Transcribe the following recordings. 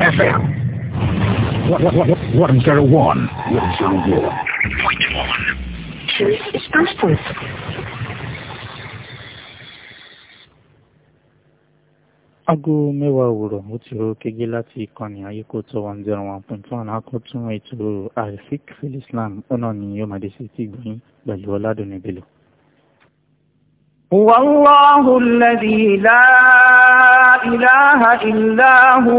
FM. What, what, what, what, what is there a one? What is there a one? Point one. Choose expressions. aago mẹ́wàá òwúrọ̀ ó ti ro kége láti ìkànnì ayékòótọ́ one zero one point one akọ́tún ètò alfik filislam ọ̀nà ni yóò máa dé sí ti gbìyìn pẹ̀lú ọ̀làdùnní bèlò. wàláhùn lẹ́dí ìlà ìlà ìlà hù.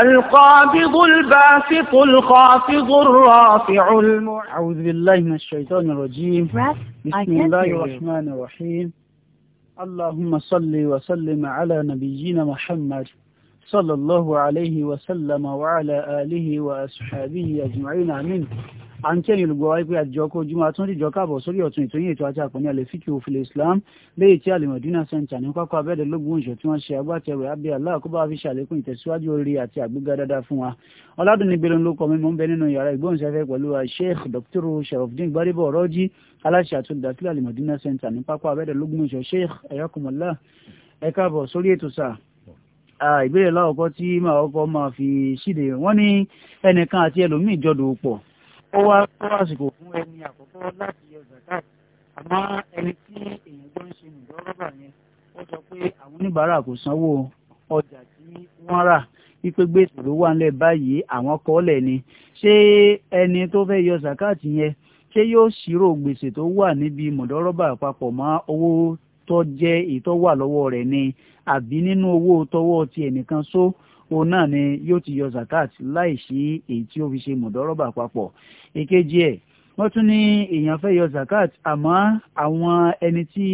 القابض الباسط الخافض الرافع المع... أعوذ بالله من الشيطان الرجيم بسم الله الرحمن الرحيم اللهم صل وسلم على نبينا محمد صلى الله عليه وسلم وعلى آله وأصحابه أجمعين آمين à ń kí ẹ̀yin olùgbọ́ wáyé pé àjọ kó ojúmọ́ atúndìjọ káàbọ̀ sórí ọ̀tún ìtòyìn ètò àti àpọ̀ní alẹ́ fíkì òfin Islam léyìí tí alimọ̀dínà center ní pápá abẹ́ẹ̀dẹ̀ lógún ìṣọ̀ tí wọ́n ṣe agbátẹrù abẹ́ Allah kó bá fi ṣàlékún ìtẹ̀síwájú orí àti àgbéga dáadáa fún wa ọ̀làdùnní gbèrò ló kọ́ mímú bẹ nínú yàrá ìgbóhùnsáfẹ́ pẹ̀lú Sheikh Dr. Sharafdin Gbadebo Ọ̀rọ́jì aláṣẹ àtúndàsílẹ̀ alimọ̀dínà center Sheikh ayakumọ̀lá ẹ káàbọ̀ sórí ètò sáà ìbéèrè láwọ̀kọ́ tí màá kọ́ máa fi ṣíde wọ́n ní ẹnìkan àti ẹlòmíì jọdò pọ̀ ó wá tó àsìkò fún ẹni àkọ́kọ́ láti yọ zakat àmọ́ ẹni tí èèyàn jọ ń ṣe nìdọ́rọ́bà yẹn ó sọ pé àwọn oníbàárà kò sanwó ọjà tí wọ́n rà wípé gbèsè ló wà nílẹ̀ báyìí àwọn kọ́lẹ̀ ni ṣé ẹni tó fẹ́ yọ zakat yẹn ṣé yóò ṣírò gbèsè tó wà níbi mọ̀dọ́rọ́bà papọ̀ mọ́ owó tó jẹ́ ìtọ́wà lọ́wọ́ rẹ̀ ni àbí nínú owó tọwọ́ ti ẹnìkan só. So, òun náà ni yóò ti yọ zakat láì sí èyí tí ó fi ṣe mọ̀dọ́rọ́bà papọ̀ èkejì ẹ̀ wọ́n tún ní èèyàn fẹ́ yọ zakat àmọ́ àwọn ẹni tí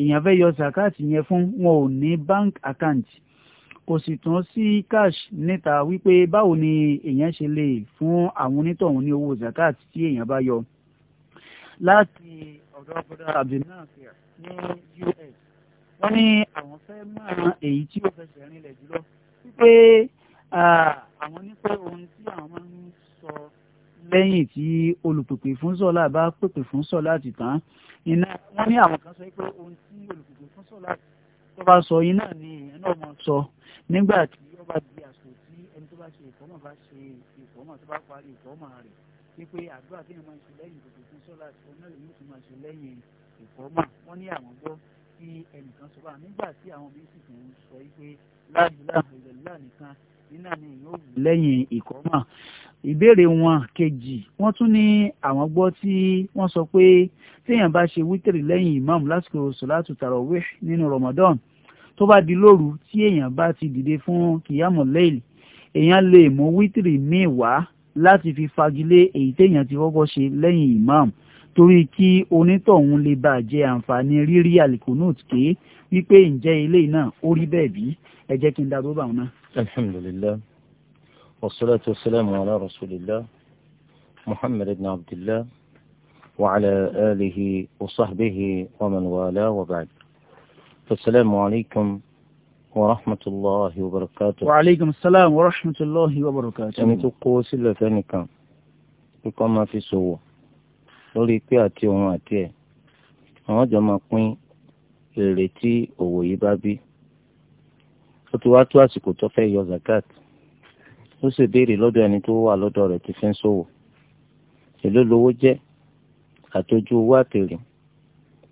èèyàn fẹ́ yọ zakat yẹn fún wọn ò ní bank account kò sì tún sí cash níta wípé báwo ni èèyàn ṣe lè fún àwọn onítọ̀hún ní owó zakat tí èèyàn bá yọ láti ọ̀dọ̀ bọ́dá abdulnasir ní us wọ́n ní àwọn fẹ́ máa èyí tí ó fẹsẹ̀ rinlẹ̀ jùlọ pé àwọn nípa ohun tí àwọn máa ń sọ lẹ́yìn tí olùpèpè fún sọ́lá bá pèpè fún sọ́lá ti tán iná wọ́n ní àwọn kan sọ pé ohun tí olùpèpè fún sọ́lá tó bá sọ iná ni ìyẹn náà máa sọ nígbà tí wọ́n bá di àsìkò tí ẹni tó bá ṣe ìfọ́mọ̀ bá ṣe ìfọ́mọ̀ tó bá parí ìfọ́mọ̀ rẹ̀ wípé àdúrà tí wọ́n máa ń ṣe lẹ́yìn olùpèpè fún sọ́lá ọ̀nà ìlú tó máa ṣe lẹ́yìn ìfọ́mọ̀ wọ́n ní àwọn gbọ́ tí ẹnìkan sọ bá nígbà tí àwọn méjì tó ń sọ pé láàbùlà nìkan nínà ni yóò wù lẹ́yìn ìkọ́mà ìbéèrè wọn kejì wọ́n tún ní àwọn gbọ́ tí wọ́n sọ pé téèyàn bá ṣe wítìrì lẹ́yìn ìmáàmù lásìkò sọ̀látù tàràwíhì nínú Ramadan tó bá di lóru tí èèyàn bá ti dìde fún kìyàmù lẹ́yìn èèyàn lè mú wítìrì míì wá láti fi fagilé èyí téèyàn ti kọ́kọ́ ṣe lẹ́yìn ìmáàmù torí kí onítọ̀hún lè bàa jẹ àǹfààní rírí alikunut ké wípé ǹjẹ́ ilé náà ó rí bẹ́ẹ̀ bí ẹ jẹ́ kí n darúgbó àwọn náà. alhamdulilayi wasalaatu wasalaamu ala rasulillah muhammad ibn abdillah wa ala alihi wa sahbihi wa man wala wa ba'd. asalaamu alaykum wa rahmatulahi wa barakatuh. wa aleykum salaam wa rahmatulahi wa barakatuh. ẹni tó kó sílẹ̀ fẹ́nìkan kíkọ́ máa fi ṣòwò. So lórí pé àti òun àti ẹ̀ àwọn jọ máa pín èrè tí òwò yìí bá bí ó ti wá tó àsìkò tó fẹ́ yọ zakat ó sì béèrè lọ́dọ̀ ẹni tó wà lọ́dọ̀ rẹ̀ ti fi ń ṣòwò èló lowó jẹ́ àtọ́jú owó àtèrè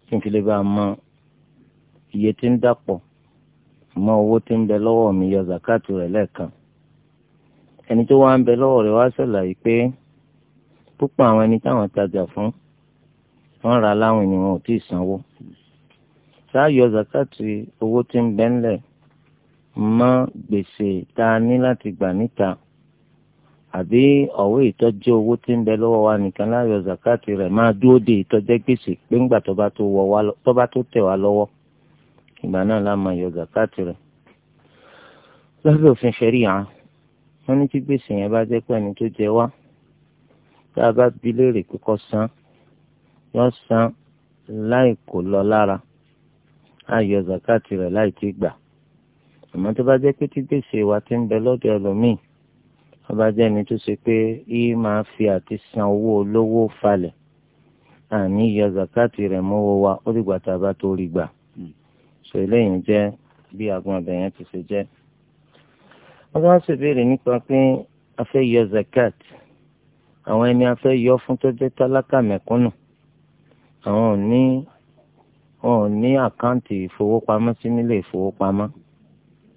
kí n fi lè bá mọ iye tí ń dàpọ̀ mọ owó tí ń bẹ lọ́wọ́ mi yọ zakat rẹ̀ lẹ́ẹ̀kan ẹni tó wá ń bẹ lọ́wọ́ rẹ̀ wá ṣàlàyé pé púpọ̀ àwọn ẹni táwọn tajà fún wọ́n ra láwìn ni wọn ò tí ì sanwó sáàyọ zakati owó tí ń bẹ ńlẹ̀ mọ́ gbèsè tá a ní láti gbà níta àbí ọ̀wé ìtọ́jú owó tí ń bẹ lọ́wọ́ wa nìkan láyọ zakati rẹ̀ máa dúró de ìtọ́jẹ́ gbèsè pé ńgbà tó bá tó tẹ̀ wá lọ́wọ́ ìgbà náà la máa yọ zakati rẹ̀ lọ́sọ̀rọ̀ òfin ṣẹ̀ríyà wọ́n ní tí gbèsè yẹn bá jẹ́ pé ẹni tó jẹ wá tá a bá bi léèrè kíkọ́ san yọ san láì kò lọ lára á yọ zakati rẹ̀ láì tí gbà àmọ́ tó bá jẹ́ pé tí gbèsè wa ti ń bẹ lọ́dọ̀ ẹlòmíì wọ́n bá jẹ́ ẹni tó ṣe pé yìí máa fi àti san owó olówó falẹ̀ àní yọ zakati rẹ̀ mọ́wọ́ wa ó dìgbà tá a bá tó rí gbà sọ eléyìí jẹ́ bí agbọn abẹ̀yẹn ti ṣe jẹ́. wọ́n bá ń ṣèbéèrè nípa pé a fẹ́ yọ zakati àwọn ẹni afẹ́ yọ fún tó jẹ́ tálákà mẹ̀kúnnù àwọn ò ní wọn ò ní àkáǹtì ìfowópamọ́ sí nílé ìfowópamọ́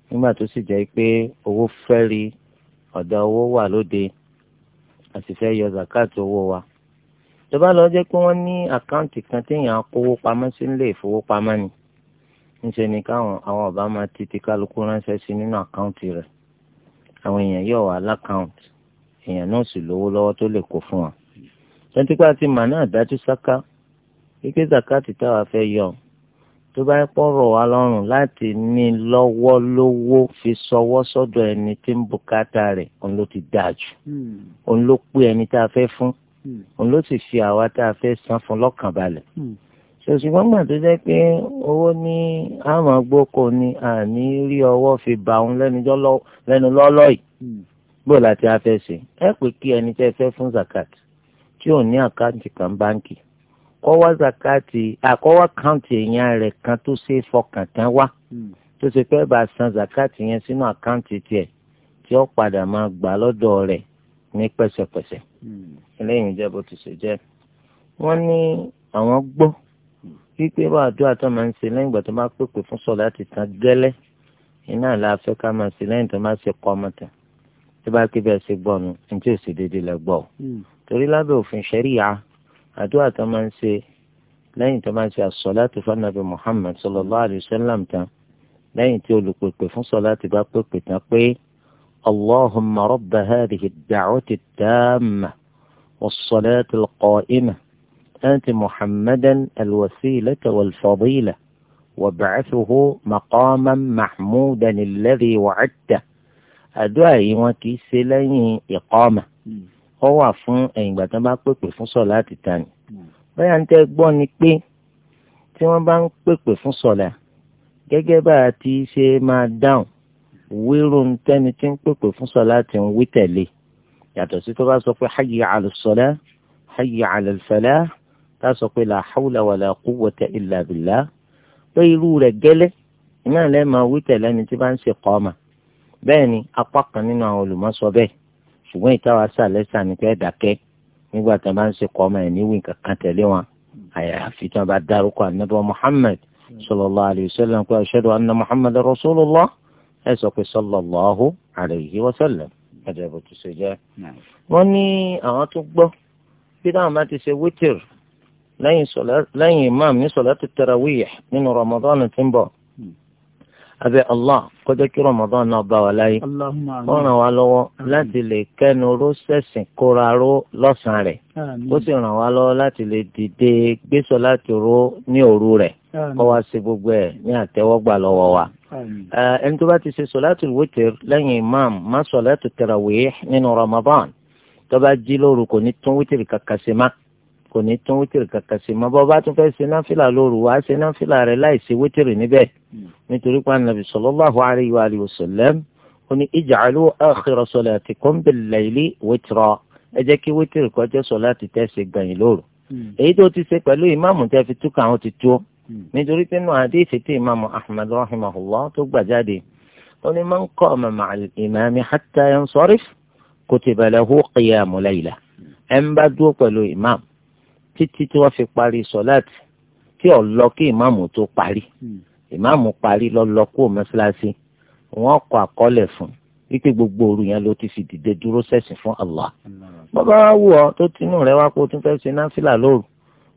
nígbà tó sì jẹ́ pé owó fẹ́ẹ́rì ọ̀dà owó wà lóde a sì fẹ́ yọ zakat owó wa tó bá lọ jẹ́ pé wọ́n ní àkáǹtì kan téèyàn kówó pamọ́ sí nílé ìfowópamọ́ ni ńṣe ni káwọn àwọn ọba máa ti ti kálukú ránṣẹ́ sí nínú àkáǹtì rẹ̀ àwọn èèyàn yọ̀ wá lákàǹtì èèyàn náà sì lówó lọ́wọ́ tó lè kó fún wa. tẹ́típá ti mà náà dájú sáká wípé zakati táwa fẹ́ yọ tó bá pọ̀rọ̀ wa lọ́rùn láti ní lọ́wọ́ lówó fi sọwọ́ sọ́dọ̀ ẹni tí ń bùkátà rẹ̀ òun ló ti dáa jù hmm. òun ló pé ẹni tá a fẹ́ fún hmm. òun ló sì fi àwa tá a fẹ́ san fún lọ́kàn balẹ̀ hmm. ṣùgbọ́n gbà tó jẹ́ pé owó ní àmọ́ gbóko ni àní rí ọwọ́ fi bá òun lẹ́nu lọ́lọ́ yìí bó láti afẹ́ ṣe ẹ pé kí ẹni tẹ́ fẹ́ fún zakat tí ò ní àkáǹtì kan báǹkì kọ́wá zakati àkọ́wá káǹtì èèyàn rẹ̀ kan tó ṣe fọkàn tán wá hmm. tó ṣe pé bá san zakati yẹn sínú àkáǹtì tiẹ̀ tí ó padà máa gbà lọ́dọ̀ rẹ̀ ní pẹ̀sẹ̀pẹ̀sẹ̀ hmm. eléyìí jẹ́ bó ti ṣe jẹ́ wọ́n ní àwọn gbọ́ wípé bá àdúrà tó máa ń ṣe lẹ́yìn ìgbà tó bá pèpè fún sọ̀ láti tán gẹ́lẹ́ iná làá ká máa ṣe lẹ́yìn tó máa ṣe kọ́ ọmọ tán tí bá ké bẹ́ẹ̀ ṣe gbọ́ nu ní tí ò sì déédéé lẹ gbọ́ hmm. torí lábẹ́ òfin ṣẹ́ríya àdúrà tó máa ń ṣe lẹ́yìn tó máa ń ṣe àsọ̀láàtì fanabi Muhammad sallallahu alayhi wa sallam tán lẹ́yìn tí olùpèpè fún sọ̀láàtì bá pèpè tán pé allahumma rabba hadhihi ad-da'wati at-tamma was-salati al-qa'imah آت محمدا الوسيلة والفضيلة وابعثه مقاما محمودا الذي وعدته àdúrà yìí wọn kì í ṣe lẹ́yìn ìkọ́ọ̀mà hmm. ó wà fún ẹ̀yìn ìgbà tó bá pèpè fún sọ̀lá àti tani hmm. báyà ń tẹ́ gbọ́ ni pé tí wọ́n bá ń pèpè fún sọ̀lá gẹ́gẹ́ bá a ti ṣe máa dáhùn wíru tẹ́ni tí ń pèpè fún sọ̀lá ti ń wí tẹ̀lé yàtọ̀ sí tó bá sọ pé hayya ala sọ̀lá hayya ala falah tá a sọ pé la hawla wala quwwata illa billah pé irú rẹ̀ gẹ́lẹ́ ìnáà lẹ́ẹ̀ máa wí tẹ̀lé ẹni tí bá ń ṣe kọ́ọ̀mà bẹ́ẹ̀ ni apá kan nínú àwọn olùmọ̀sọ bẹ́ẹ̀ ṣùgbọ́n ìtawà sàlẹ̀ sàní pé dákẹ́ nígbà tí wọ́n bá ń ṣe kọ́ ọmọ ẹ̀ níwìn kankan tẹ̀lé wọn àyàfi tí wọ́n bá dárúkọ ànábọ̀ muhammed sallallahu alayhi wa sallam pé ashhadu anna muhammed rasulullah ẹ sọ pé sallallahu alayhi wa sallam ẹ̀jẹ̀ bó ti ṣe jẹ́. wọ́n ní àwọn tó gbọ́ bí táwọn bá ti ṣe wítìrì lẹ́yìn imam ní sọ̀lá ti tarawih nínú ramadan tí ń bọ̀ abẹ́ allah kọjá kí ramadan náà bá wa láyé ó ràn wá lọ́wọ́ láti lè kẹ́nu ró sẹ̀sìn kóra ró lọ́sàn-án rẹ̀ ó sì ràn wá lọ́wọ́ láti lè dìde gbèsò láti ró ní òru rẹ̀ kọ́ wa ṣe gbogbo ẹ̀ ní àtẹ́wọ́gbà lọ́wọ́ wa. ẹni tó bá ti ṣe sọ̀láàtì wítìrì lẹ́yìn imam má sọ̀láàtì tarawih nínú ramadan tó bá jí lóru kò ní tún wítìrì kankan ṣe má kò ní tún wítìrì kankan sí mọ́ bọ́ bá tún fẹ́ ṣe náfìlà lóru wàá ṣe náfìlà rẹ̀ láì ṣe wítìrì níbẹ̀ hmm. nítorí pé anabi sallallahu alayhi wa alihi wa sallam ó ní ij'alu akhira salatikum bil layli witra ẹ jẹ́ kí wítìrì kó jẹ́ sọ̀láàtì tẹ́ ṣe gbẹ̀yìn lóru hmm. èyí tó ti ṣe pẹ̀lú ìmáàmù tẹ́ fi túkà àwọn ti tó hmm. nítorí pé náà àdé ìfètè ìmáàmù ahmed rahimahullah tó gbà jáde ń bá dúró pẹ̀lú ìmáàmù títí tí wọ́n fi parí sọ̀láàtì tí ò lọ kí ìmáàmù tó parí hmm. ìmáàmù parí lọ́lọ́ kó mọ́ṣáláṣí wọ́n kọ àkọọ́lẹ̀ fún wípé gbogbo òru yẹn ló ti fi dìde dúró sẹ́sìn fún Allah bàbá wa wù ọ tó tinú rẹ wá pé o tún fẹ́ ṣe náfìlà lóru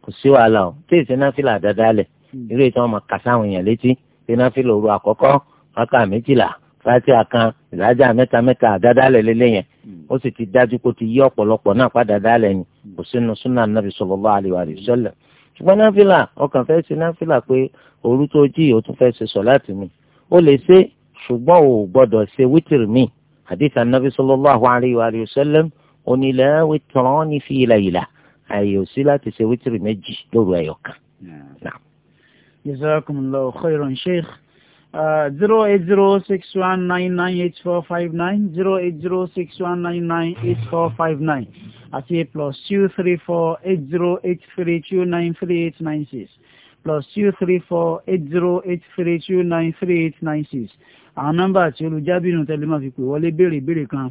kò sí wàhálà o tí èsì náfìlà dáadáa lẹ̀ eré hmm. tí wọ́n máa kà sáwọn èèyàn létí ṣe náfìlà òru àkọ́kọ́ wákà méjìlá láti àkàn ìlàjà mẹ́ta mẹ́ta àdádálẹ̀ lélẹ̀ yẹn hmm. ó sì ti dájú kó ti yí ọ̀pọ̀lọpọ̀ náà pàdádálẹ̀ ni hmm. kò sínú súnà nàbì sallallahu alaihi wa sallam ṣùgbọ́n náfìlà ọkàn fẹ́ ṣe náfìlà pé òru tó jí o tún fẹ́ ṣe sọ̀láàtì mi ó lè ṣe ṣùgbọ́n o gbọ́dọ̀ ṣe wítìrì mi àdìsá nàbì sallallahu alaihi wa sallam onílẹ̀ witrani fi layla àyè ò sí láti ṣe wítìrì méjì lóru ẹ̀yọ̀ kan. Jazakumullahu khairan sheikh zero eight zero six one nine nine eight four five nine zero eight zero six one nine nine eight four five nine àti plus two three four eight zero eight three two nine three eight nine six plus two three four eight zero eight three two nine three eight nine six àwọn nọ́mbà àti olùjábìnú tẹlifíà fi pè wọlé béèrè ìbéèrè kan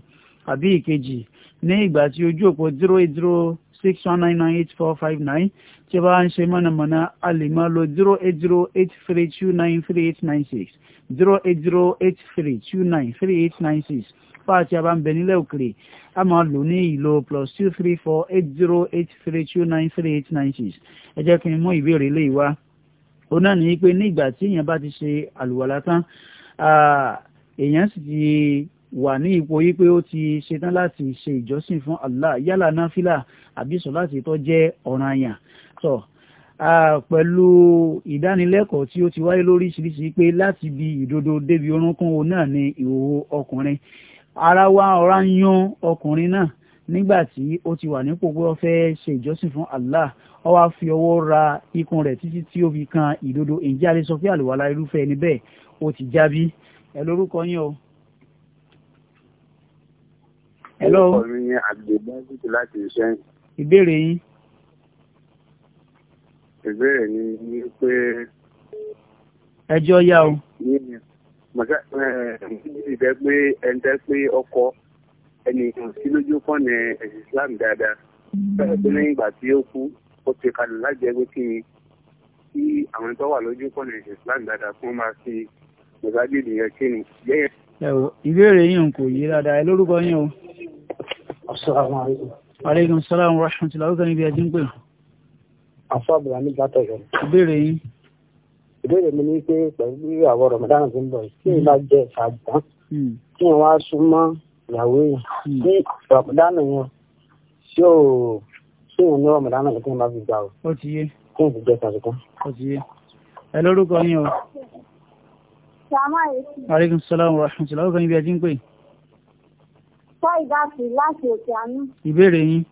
àbí ìkejì ní ìgbà tí ojú òpó zero eight zero six one nine nine eight four five nine tí a bá ń ṣe mọ̀nàmọ́ná a lè máa lo zero eight zero eight three two nine three eight nine six zero eight zero eight three two nine three eight nine six fáàtì a bá ń bẹ nílẹ̀ òkèrè a máa lò ní ìlò plus two three four eight zero eight three two nine three eight nine six ẹ jẹ́ kí n mú ìbéèrè lè wá o náà ní pé ní ìgbà tí èèyàn bá ti ṣe àlùwàlá tán èèyàn sì ti wà ní ipò yí pé ó ti ṣetán láti ṣe ìjọsìn fún Allah yálà náfìlà àbí sọ láti tó jẹ́ ọ̀ranyàn tó pẹ̀lú ìdánilẹ́kọ̀ọ́ tí ó ti wáyé lóríṣiríṣi pé láti bi ìdodo débi orúnkún o náà ni ìhòòhò ọkùnrin ara wa ọ̀rá yan ọkùnrin náà nígbà tí ó ti wà nípò pé ó fẹ́ ṣe ìjọsìn fún Allah ó wá fi ọwọ́ ra ikùn rẹ̀ títí tí ó fi kan ìdodo ǹjẹ́ a lè sọ pé àlùwàlá irúfẹ́ ẹni bẹ́ẹ̀ ó ti jábí ẹ lórúkọ yín o hello. ọkọ mi ni abdulbasik láti ìṣẹ́yìn. ìbéèrè yín. ìbéèrè ni ni pé. ẹjọ́ yá o. màtá ìdẹ́ pé ẹni tẹ́ pé ọkọ ẹni sí lójú fọ́nà ẹ̀sìn Islam dáadáa. bẹ́ẹ̀ mm-hmm. pé lẹ́yìn ìgbà tí ó kú ó ti kalẹ̀ lájẹ́ pé kí ni kí àwọn tó wà lójú fọ́nà ẹ̀sìn Islam dáadáa fún máa fi mọ̀gádìdì yẹn kí ni. ìbéèrè yín kò yé dáadáa ẹ lórúkọ yín o. Assalamu alaikum. Aleykum salaam wa rahmatullahi wa barakatuh. Ibi ajé ń pè. Àfọ́bùrà mi gbàtọ̀ yọ. Ìbéèrè yín. Ìbéèrè mi ni pé pẹ̀lú àwọn Ramadan ti ń bọ̀ yìí, kí n bá hmm. jẹ àgbọ̀n, kí hmm. n wá súnmọ́ ìyàwó yẹn, kí hmm. Ramadan yẹn ṣé ò ṣé Fáìdásì láti òkè àánú. Ìbéèrè yín.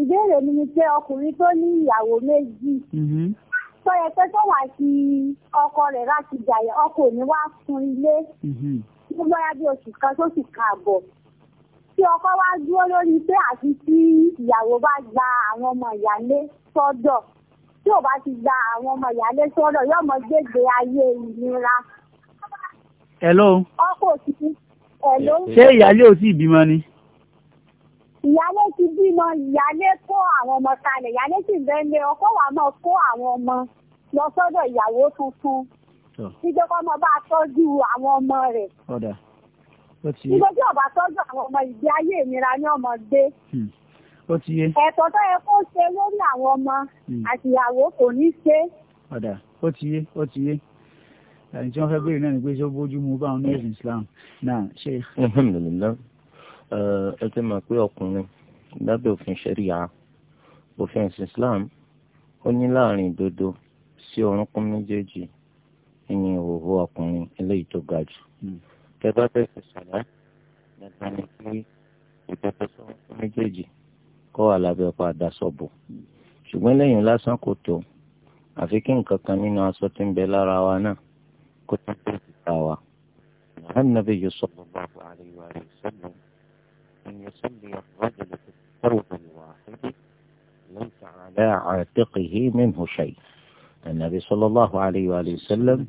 Ìbéèrè mi ni pé ọkùnrin tó ní ìyàwó méjì. Mm-hmm. Tó yẹ pé tó wà sí ọkọ rẹ̀ láti jàyẹ̀, ọkọ òní wá fún ilé. Mo mm-hmm. gbọ́dọ̀ bí oṣù kan tó sì kààbọ̀. Tí ọkọ wá dúró lórí pé àti tí ìyàwó bá gba àwọn ọmọ ìyálé sọ́dọ̀. Tí ò bá ti gba àwọn ọmọ ìyálé sọ́dọ̀, yóò mọ gbègbè ayé ìnira. Hello. Ọkọ òsì ṣé ìyálé ò tí ì bímọ ni. ìyálé ti bímọ ìyálé kó àwọn ọmọ kalẹ̀ ìyálé sì bẹ́ẹ̀ lé ọkọ wa máa kó àwọn ọmọ lọ sọ́dọ̀ ìyàwó tuntun nígbà kọ́ ọmọ bá tọ́jú àwọn ọmọ rẹ̀ nígbà tí ọba tọ́jú àwọn ọmọ ìgbé ayé ìnira ní ọmọ gbé hmm. ẹ̀tọ́ tó yẹ kó ṣe lórí àwọn ọmọ hmm. àtìyàwó kò ní ṣe. ó ti yé ó ti yé ẹni tí wọ́n fẹ́ béèrè náà ni pé ṣé ó bójú mu báwọn ní ẹ̀sìn Islam náà ṣe. alhamdulilayi ẹ ti mọ̀ pé ọkùnrin lábẹ́ òfin ṣẹ́ríà òfin ẹ̀sìn Islam ó ní láàrin ìdodo sí orúnkún méjèèjì ìyìn òwò ọkùnrin eléyìí tó ga jù. Hmm. tẹ bá fẹ́ nípa ni pé ìtọ́jú sí orúnkún méjèèjì kọ́ wà lábẹ́ ọkọ̀ àdásọ́bò ṣùgbọ́n lẹ́yìn lásán kò tó àfi kí nǹkan kan nínú aṣọ tí ń bẹ lára wa náà kó tó tó ti ta wa. النبي صلى الله عليه وآله وسلم أن يصلي الرجل في الثوب الواحد ليس على عاتقه منه شيء النبي صلى الله عليه وآله وسلم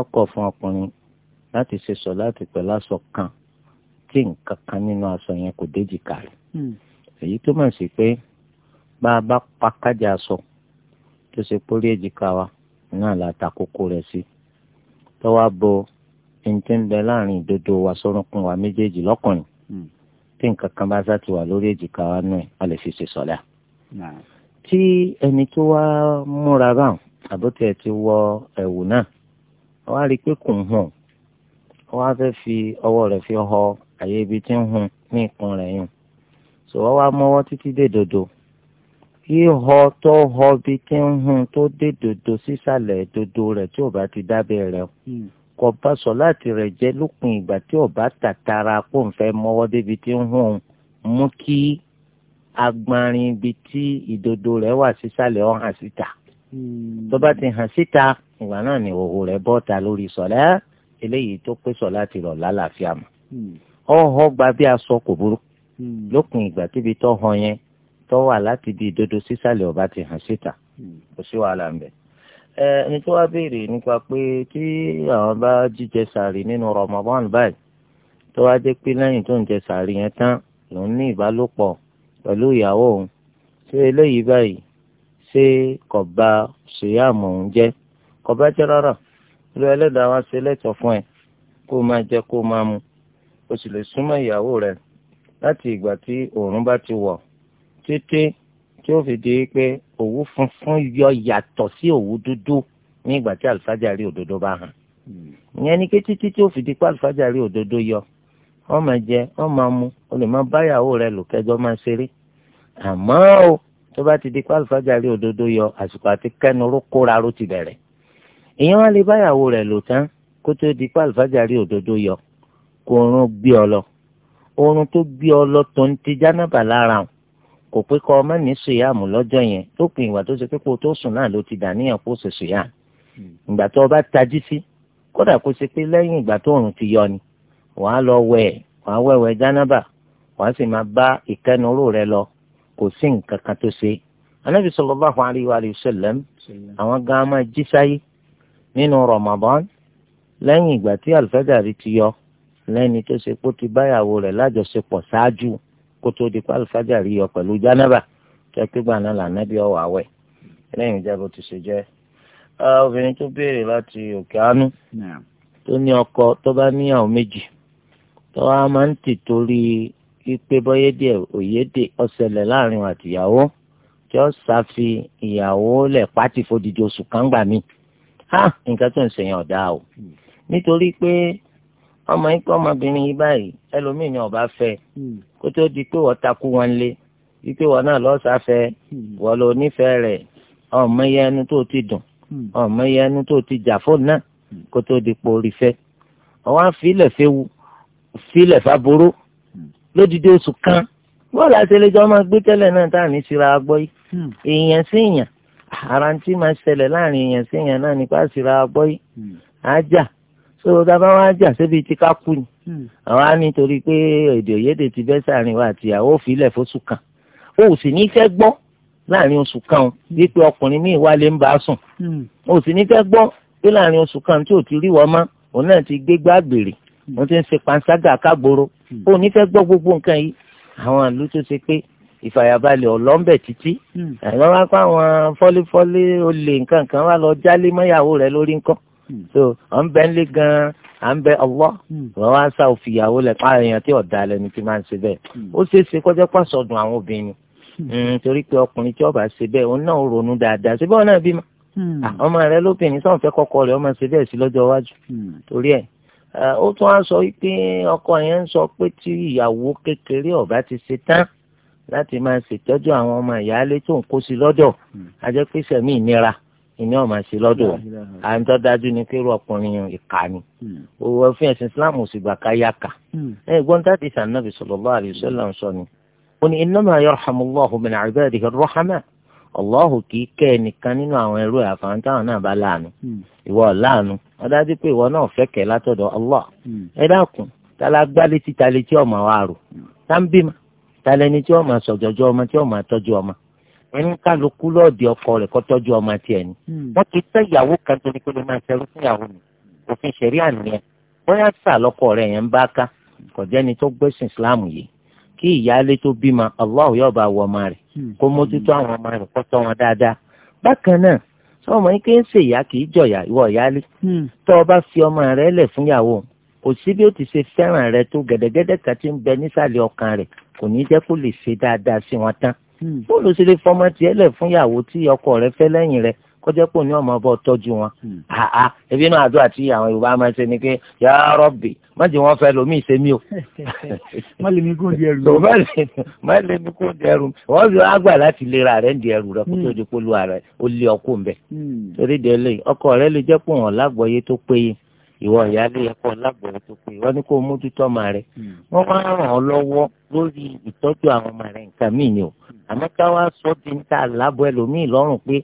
ọkọ̀ fún ọkùnrin láti ṣe sọ láti pẹ̀lú aṣọ kan tí nǹkan kan nínú aṣọ yẹn kò déjì kárẹ̀. èyí tó mọ̀ sí pé bá a bá pakájà aṣọ tó ṣe pórí èjìká wa náà la ta kókó rẹ̀ sí tọ́wọ́ bo ẹnití ń bẹ láàrin ìdodo wa sọ́rùnkún wa méjèèjì lọ́kùnrin hmm. tí nǹkan kan bá sá ti wà lórí èjìká wa náà a lè fi ṣe sọ́lá. tí ẹni tó wá múra báwọn àbótí ẹ ti wọ ẹ̀wù náà wọ́n á rí i pé kò ń hàn wọ́n á fẹ́ fi ọwọ́ rẹ̀ fi họ àyè ibi tí ń hun ní ìpọ́n rẹ̀ yùn sọ wọ́n wá mọ́wọ́ títí dé dodo híhọ tó họ bí tí ń hun tó dé dòdò sísàlẹ̀ dòdò rẹ̀ tí ò bá ti dábẹ́ rẹ̀ hmm. kò bá sọ láti rẹ̀ jẹ́ lópin ìgbà tí ò bá tàtàrà kó n fẹ́ mọ́wọ́ débi tí ń hun mú kí agbanrin ibi tí ìdodo rẹ̀ wà sísàlẹ̀ ọ̀ hàn síta hmm. tó bá ti hàn síta ìgbà náà ni òwò rẹ̀ bọ́ta lórí sọ̀lẹ́ eléyìí tó pé sọ láti rọ̀ lálàáfíà mọ́ ọ̀họ́ hmm. gba bí aṣọ kò burú lópin ìgbà tíbi tó họ yẹn tó wà láti di ìdodo sísàlẹ̀ ọba ti hàn síta hmm. kò sí wàhálà ń bẹ. ẹ ẹni tó wá béèrè nípa pé tí àwọn bá jíjẹ sàárì nínú Ramadan báyìí tó wá jẹ́ pé lẹ́yìn tó ń jẹ sàárì yẹn tán ló ń ní ìbálòpọ̀ pẹ̀lú ìyàwó òun ṣé eléyìí báyìí ṣé kò ṣèyàmù òun jẹ́ kò bá rárá ló ẹlẹ́dàá wá ṣe lẹ́tọ̀ọ́ fún ẹ kó máa jẹ kó máa mu o sì lè súnmọ́ ìyàwó rẹ láti ìgbà tí oòrùn bá ti wọ̀ títí tí ó fi di pé òwú funfun yọ yàtọ̀ sí òwú dúdú ní ìgbà tí àlùfájàrí òdodo bá hàn ìyẹn ni pé títí tí ó fi di pé àlùfájàrí òdodo yọ wọ́n máa jẹ wọ́n máa mu o lè máa báyàwó rẹ lò kẹjọ máa ṣeré àmọ́ o tó bá ti di pé àlùfájàrí òdodo yọ àsìkò àti kẹnuró kóra ló ti bẹ̀rẹ̀ ìyẹn wọ́n lè báyàwó rẹ lò tán kó tó di pé àlùfájàrí òdodo yọ kó oorun gbé ọ lọ oorun tó gbé ọ lọ tó ń ti jánábà lára hàn kò pé kọ́ ọmọ ní sùyàmù lọ́jọ́ yẹn tó pin ìwà tó ṣe pé kó tó sùn náà ló ti dà níyàn kó ṣe sùyàmù ìgbà tó o bá tají sí kódà kó ṣe pé lẹ́yìn ìgbà tó òrùn ti yọ ni wàá lọ wẹ̀ wàá wẹ̀wẹ̀ jánábà wàá sì máa bá ìkẹnuró rẹ lọ kò sí nǹkan kan tó ṣe anábì sallallahu alayhi wa sallam àwọn gan máa jí sáyé nínú Ramadan lẹ́yìn ìgbà tí àlùfáàjà rí ti yọ lẹ́ni tó ṣe pé ó ti báyàwó rẹ̀ lájọṣepọ̀ ṣáájú kó tó di pálífájà rí yọ pẹ̀lú jánábà tó pé gbà náà lànàbí ọ̀wà wẹ̀ lẹ́yìn ìjábọ̀ tó ṣe jẹ́ obìnrin tó béèrè láti òkè àánú tó ní ọkọ tó bá níyàwó méjì tó wá máa ń tì torí pípé bọ́yédè òyédè ọ̀sẹ̀lẹ̀ láàrin àtìyàwó tí ó ṣàfi ìyàwó lẹ̀ pátì fòdìdì oṣù kan gbà mí nǹkan tó ń ṣèyàn ọ̀dà o hmm. nítorí pé ọmọ yìí pé ọmọbìnrin yìí báyìí ẹlòmíì ni ọba fẹ́ hmm. kó tó di pé wọ́n takú wọn lé wípé wọ́n náà lọ́sàáfẹ́ hmm. wọ́n lọ nífẹ̀ẹ́ rẹ̀ ọmọ yẹn ẹnu tó ti dùn hmm. ọmọ yẹn ẹnu tó ti jà fóònù náà kó tó di pé orí fẹ́ ọwọ́n àfilẹ̀ fẹ́wu filẹ̀ faboró lódìdí oṣù kan bọ́ọ̀lù àtẹlẹjọ́ máa gbé tẹ́lẹ̀ náà tá à ní síra gbọ́ yìí èèyàn sí èèyàn so dábà wá jà síbi tí ká kú ni hmm. àwọn á nítorí pé èdè òyédè ti bẹ́ sàárín wa àti ìyàwó òfìlẹ̀ fóṣù kan ó sì ní fẹ́ gbọ́ láàrin oṣù kan wípé ọkùnrin míì wálé ń bá a sùn ó hmm. sì ní fẹ́ gbọ́ pé láàrin oṣù kan tí ò ti rí wọn mọ́ òun náà ti gbé gbàgbèrè òun hmm. ti ń ṣe panṣágà kágboro ó ní fẹ́ gbọ́ gbogbo nǹkan yìí àwọn ìlú tó ṣe pé ìfàyàbalẹ̀ ọ̀lọ́ńbẹ̀ títí àwọn wá pa àwọn fọ́lífọ́lí olè nǹkan kan wá lọ jálé mọ́yàwó rẹ̀ lórí nǹkan Hmm. so ọ̀n bẹ́ ń lé gan-an à ń bẹ ọwọ́ hmm. wọ́n wá sá òfìyàwó lẹ̀ pa èèyàn tí ọ̀dà lẹ́nu tí máa ń ṣe bẹ́ẹ̀ hmm. ó ṣeé ṣe kọjá pàṣọdùn àwọn obìnrin torí pé ọkùnrin tí ọba ṣe bẹ́ẹ̀ òun náà ronú dáadáa ṣe bẹ́ẹ̀ náà bímọ ah, ọmọ rẹ lóbìnrin sọ̀n fẹ́ kọ́kọ́ rẹ̀ ọmọ ṣe bẹ́ẹ̀ sí lọ́jọ́ iwájú torí ẹ̀ eh, ó tún á sọ pé ọkọ yẹn ń sọ pé tí ìyàwó kékeré ọba ti ṣe tán láti máa ṣètọ́jú àwọn ọmọ ìyáálé tó ń kó sí lọ́dọ̀ a jẹ́ pé ìní ọ̀ma sí lọ́dọ̀ à ń tọ́jú ní kí irú ọkùnrin yẹn ìka ni òwò ẹ̀fín ẹ̀sìn Islam ò sì gbà ká yá ka hmm. ẹ̀ gbọ́n tá ti sàn náà sallallahu alaihi wasallam sọ ni ó ní innama yarhamullahu min ibadihi ar-rahama Allahu kì í kẹ́ ẹnìkan nínú àwọn ẹrú àfàǹtà náà bá láàánú hmm. ìwọ láàánú ọ̀dájú wọn ní kálukú lọ́ọ̀dì ọkọ rẹ̀ kọ́ tọ́jú ọmọ tiẹ̀ ni hmm. wọ́n ti tẹ́ ìyàwó kan tó ní kó lè máa ṣerú fún ìyàwó mi òfin ṣẹ̀rí àníyàn bóyá sà lọ́kọ rẹ̀ yẹn ń bá ká kò jẹ́ni tó gbẹ́sìn Islam yìí kí ìyáálé tó bímọ Allah yóò bá wọ ọmọ rẹ̀ hmm. kó mójútó àwọn ọmọ rẹ̀ kó tọ́ wọn dáadáa bákan náà sọ ọmọ yín kí ń ṣèyá kì í jọ̀yà ìwọ ìyáálé hmm. tó o bá fi ọmọ rẹ lẹ̀ fún ìyàwó kò sí bí ó ti ṣe fẹ́ràn rẹ tó gẹ̀dẹ̀gẹ̀dẹ̀ kan ń bẹ nísàlẹ̀ ọkàn rẹ̀ kò ní jẹ́ kó lè ṣe dáadáa sí wọn tán Hmm. bóòlù sì lè fọmọ tiẹ̀ lẹ̀ fún ìyàwó tí ọkọ rẹ̀ fẹ́ lẹ́yìn rẹ̀ kọjá pò ní ọmọ ọba tọ́jú wọn. Hmm. àà ebi inú àdúrà tí àwọn yorùbá máa ń ṣe ni pé ya Rabbi má jẹ́ wọ́n fẹ́ lomi ìsẹ́mi o. má lè mi kún di ẹrù má lè mi kún di ẹrù mi. fi àgbà láti lera rẹ̀ ń di ẹrù kó tó hmm. di polú rẹ̀ ó lé ọkọ ń bẹ̀. torí délé ọkọ rẹ lè jẹ́ pò wọ́n lágbọ̀ọ́yé tó péye ìwọ ìyáálé ẹ̀kọ́ lágbọ̀ọ́ tó pé wọ́n ní kó mójútó ọmọ rẹ̀ wọ́n máa ràn ọ́ lọ́wọ́ lórí ìtọ́jú àmọ́ ká wá sọ ti ń ta àlábọ̀ ẹlòmíì lọ́rùn pé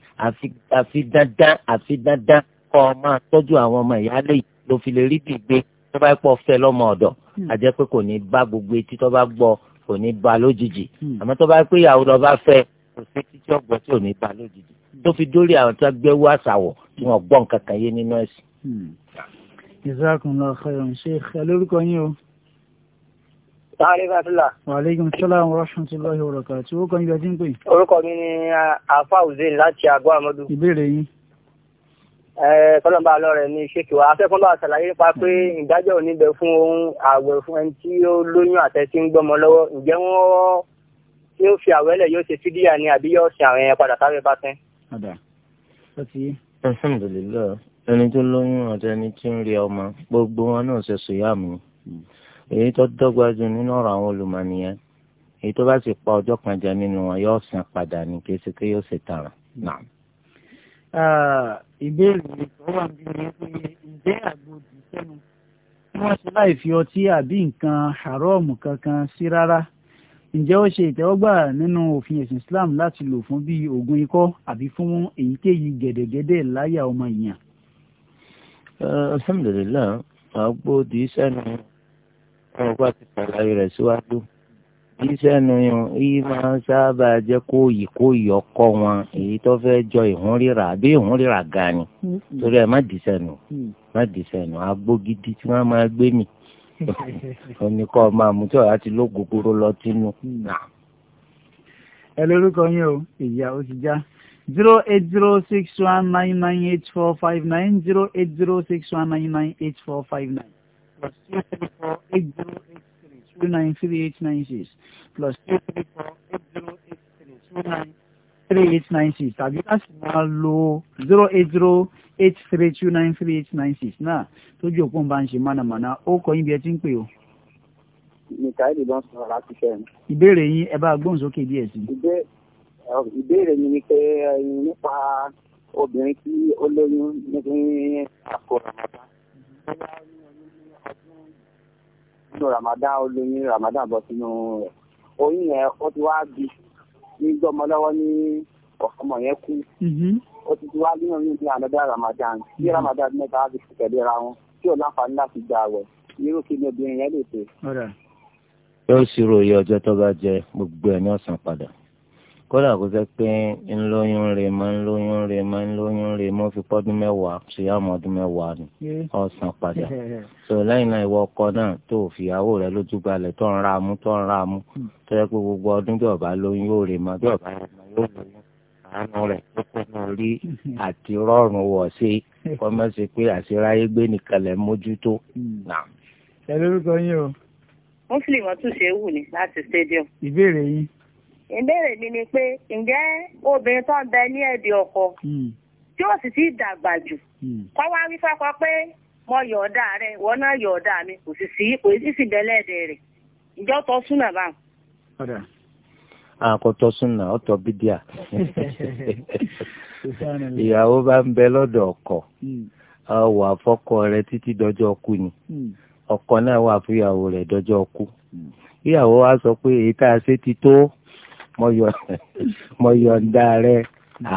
àfi dandan àfi dandan kọ́ ọ máa tọ́jú àwọn ọmọ ìyáálé yìí ló fi lè rí dìgbé tó bá pọ̀ fẹ́ lọ́mọ ọ̀dọ̀ àjẹ́ pé kò ní bá gbogbo etí tó bá gbọ́ kò ní ba lójijì hmm. àmọ́ tó bá pé ìyàwó lọ́ọ́ bá fẹ́ kò sí títí ọ̀gbọ́n tí ò ní ba lójijì hmm. tó fi dórí àwọn tó gbẹ́wó àṣàwọ̀ tí wọ́n gbọ́n kankan yé nínú ẹ̀sìn. ìsákùnrin hmm. ọ̀fẹ́ Wàlékún Ṣọ́láhùn Rọ́ṣùntúlọ́hì ọ̀rọ̀kà tí ó kọ́ ibi ẹjí ń pè. Orúkọ mi ni Àfá Hussein láti Àgọ́ Àmọ́dú. Ìbéèrè yìí. Tọ́lọ́mbà lọ́rẹ̀ ni ṣékìwá. Afẹ́kún bá ṣàlàyé nípa pé hmm. ìdájọ́ òní bẹ fún ohun àwẹ̀ fún ẹni tí ó lóyún àtẹ tí ń gbọ́mọ lọ́wọ́. Ǹjẹ́ wọ́n tí ó fi àwẹ́lẹ̀ yóò ṣe fídíà ni àbí yóò ṣe àwọn ẹ̀yẹn padà sáré bá tẹ́? Alhamdulillah, ẹni tó lóyún àtẹni tí ń rí ọmọ, gbogbo wọn náà ṣe sùyàmù. Hmm èyí tó dọ́gba jù nínú ọ̀rọ̀ àwọn olùmọ̀nìyàn èyí tó bá sì pa ọjọ́ kan jẹ nínú wọn yóò san padà ní kése pé yóò ṣe tààrà náà. ìbéèrè tó wà bí mi pé ǹjẹ́ àgbo òdì sẹ́nu tí wọ́n ṣe láì fi ọtí àbí nǹkan haram kankan sí rárá ǹjẹ́ ó ṣe ìtẹ́wọ́gbà nínú òfin ẹ̀sìn Islam láti lò fún bí oògùn ikọ́ àbí fún èyíkéyìí gẹ̀dẹ̀gẹ̀dẹ̀ láyà ọmọ èèyàn. alhamdulilayi àgbo òdì sẹ́nu wọn bá ti ṣàlàyé rẹ̀ síwájú bí sẹ́nu yun yìí máa ń sábà jẹ́ kó yìí kó yìí ọkọ wọn èyí tó fẹ́ jọ ìhúnríra àbí ìhúnríra gan ni hmm. torí ẹ má dì sẹ́nu hmm. má dì sẹ́nu agbó gidi tí wọ́n máa gbé mi oníkọ́ máa mú tí ọ̀rá ti ló gogoro lọ tínú. Hmm. ẹ lórúkọ yín o ìyá ó ti já zero eight zero six one nine nine eight four five nine zero eight zero six one nine nine eight four five nine plus two three four eight zero eight three two nine three eight nine six plus two three four eight zero eight three two nine three eight nine six tàbí ká sì máa lo zero eight zero eight three two nine three eight nine six náà tójú òpó ń bá ń ṣe mánàmáná ó kọ yín bí ẹ ti ń pè o. mikaeli ló ń sọ̀rọ̀ láti fẹ́ mi. ìbéèrè yín ẹ bá gbóhùn sókè díẹ̀ sí i. ìbéèrè mi ni pé nípa obìnrin tí ó lóyún nítorí àkóràn bàbá nínú Ramadan ó Ramadan bọ́ sínú rẹ̀ oyún yẹn ó ti wá bí ní gbọ́mọ lọ́wọ́ ní ọmọ yẹn kú mm-hmm. ó ti ti wá nínú ní bí Ramadan bí mm-hmm. Ramadan mẹ́ta á fi tẹ̀lé ra wọn tí ò láǹfààní láti gbà wẹ̀ irú kí ni obìnrin yẹn lè ṣe. yóò ṣírò iye ọjọ́ tó bá jẹ gbogbo ẹ̀ ní ọ̀sán padà kódà kó jẹ́ pé ń lóyún rè máa ń lóyún rè máa ń lóyún rè máa fi pọ́dún mẹ́wàá ṣùgbọ́n ọdún mẹ́wàá ni ọ̀sán padà so lẹ́yìn náà ìwọ ọkọ náà tó fìyàwó rẹ lójú balẹ̀ tó ń ra amú tó ń ra amú hmm. tó yẹ pé gbogbo ọdún bí ọba lóyún yóò rè máa bí ọba yóò lóyún àánú rẹ tó kọ́ náà rí hmm. àti rọrùn wọ̀ sí kọ́mẹ́sì pé àṣíráyé gbé nìkan lẹ̀ mójútó hmm. náà. ẹ o. muslim ọtún ṣe é wù ní láti stadium. ìbéèrè mi ni pé ǹjẹ́ obìnrin tó ń bẹ ní ẹ̀dì ọkọ hmm. tí ó sì ti dàgbà jù hmm. kọ́ wá wí pé mo yọ̀ọ̀dà rẹ̀ ìwọ náà yọ̀ọ̀dà mi kò sì sí kò sì sì bẹ́lẹ̀ ẹ̀dẹ̀ rẹ̀ ìjọ tó súnà bá. àkọ́tọ̀ súnà ọ̀tọ̀ bídíà ìyàwó bá ń bẹ lọ́dọ̀ ọkọ hmm. wà fọ́kọ rẹ títí dọjọ́ ni ọkọ náà wà fún ìyàwó rẹ̀ dọjọ́ kú ìyàwó wa sọ pé èyí tá a ti tó. mo yọ̀ǹda rẹ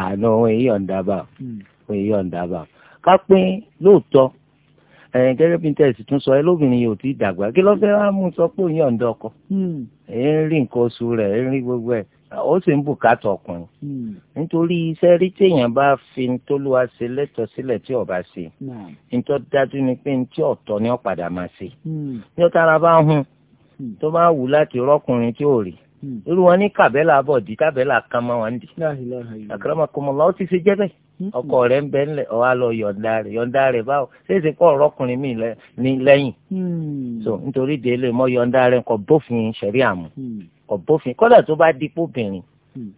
àánú òun èyí yọ̀ǹda bá òun èyí hmm. yọ̀ǹda bá ká pín lóòótọ́ ẹ̀yìn gẹ́gẹ́ bí n tẹ̀sí tún sọ ẹ lóbìnrin yóò ti dàgbà kí ló fẹ́ wá mú sọ pé òun yọ̀ǹda ọkọ hmm. ẹ̀ ń rí nǹkan oṣù rẹ̀ ẹ̀ ń rí gbogbo ẹ̀ ó sì ń bùkátà ọkùnrin hmm. nítorí iṣẹ́ rí téèyàn bá fi ń tólúwa ṣe lẹ́tọ̀ọ́ sílẹ̀ tí ọba ṣe nítọ́ dájú ni pé ní tí ọ̀tọ̀ ni ó máa ṣe ní ọ̀tara bá hun tó bá wù láti rọ́kùnrin tí ò rí irú hmm. wọn ní kàbẹ́là àbọ̀dì kàbẹ́là kan máa wọn dì àkàràmàkọmọlá ó ti ṣe jẹ́ bẹ́ẹ̀ hmm. ọkọ rẹ̀ ń bẹ ńlẹ̀ ọ̀ á lọ yọ̀ǹda rẹ̀ yọ̀ǹda rẹ̀ báwo ṣéṣe kọ́ ọ̀rọ̀kùnrin mi ní lẹ́yìn hmm. so nítorí délé mọ́ yọ̀ǹda rẹ̀ kò bófin ṣẹ̀rí àmú kò bófin kọ́dà tó bá dípò bìnrin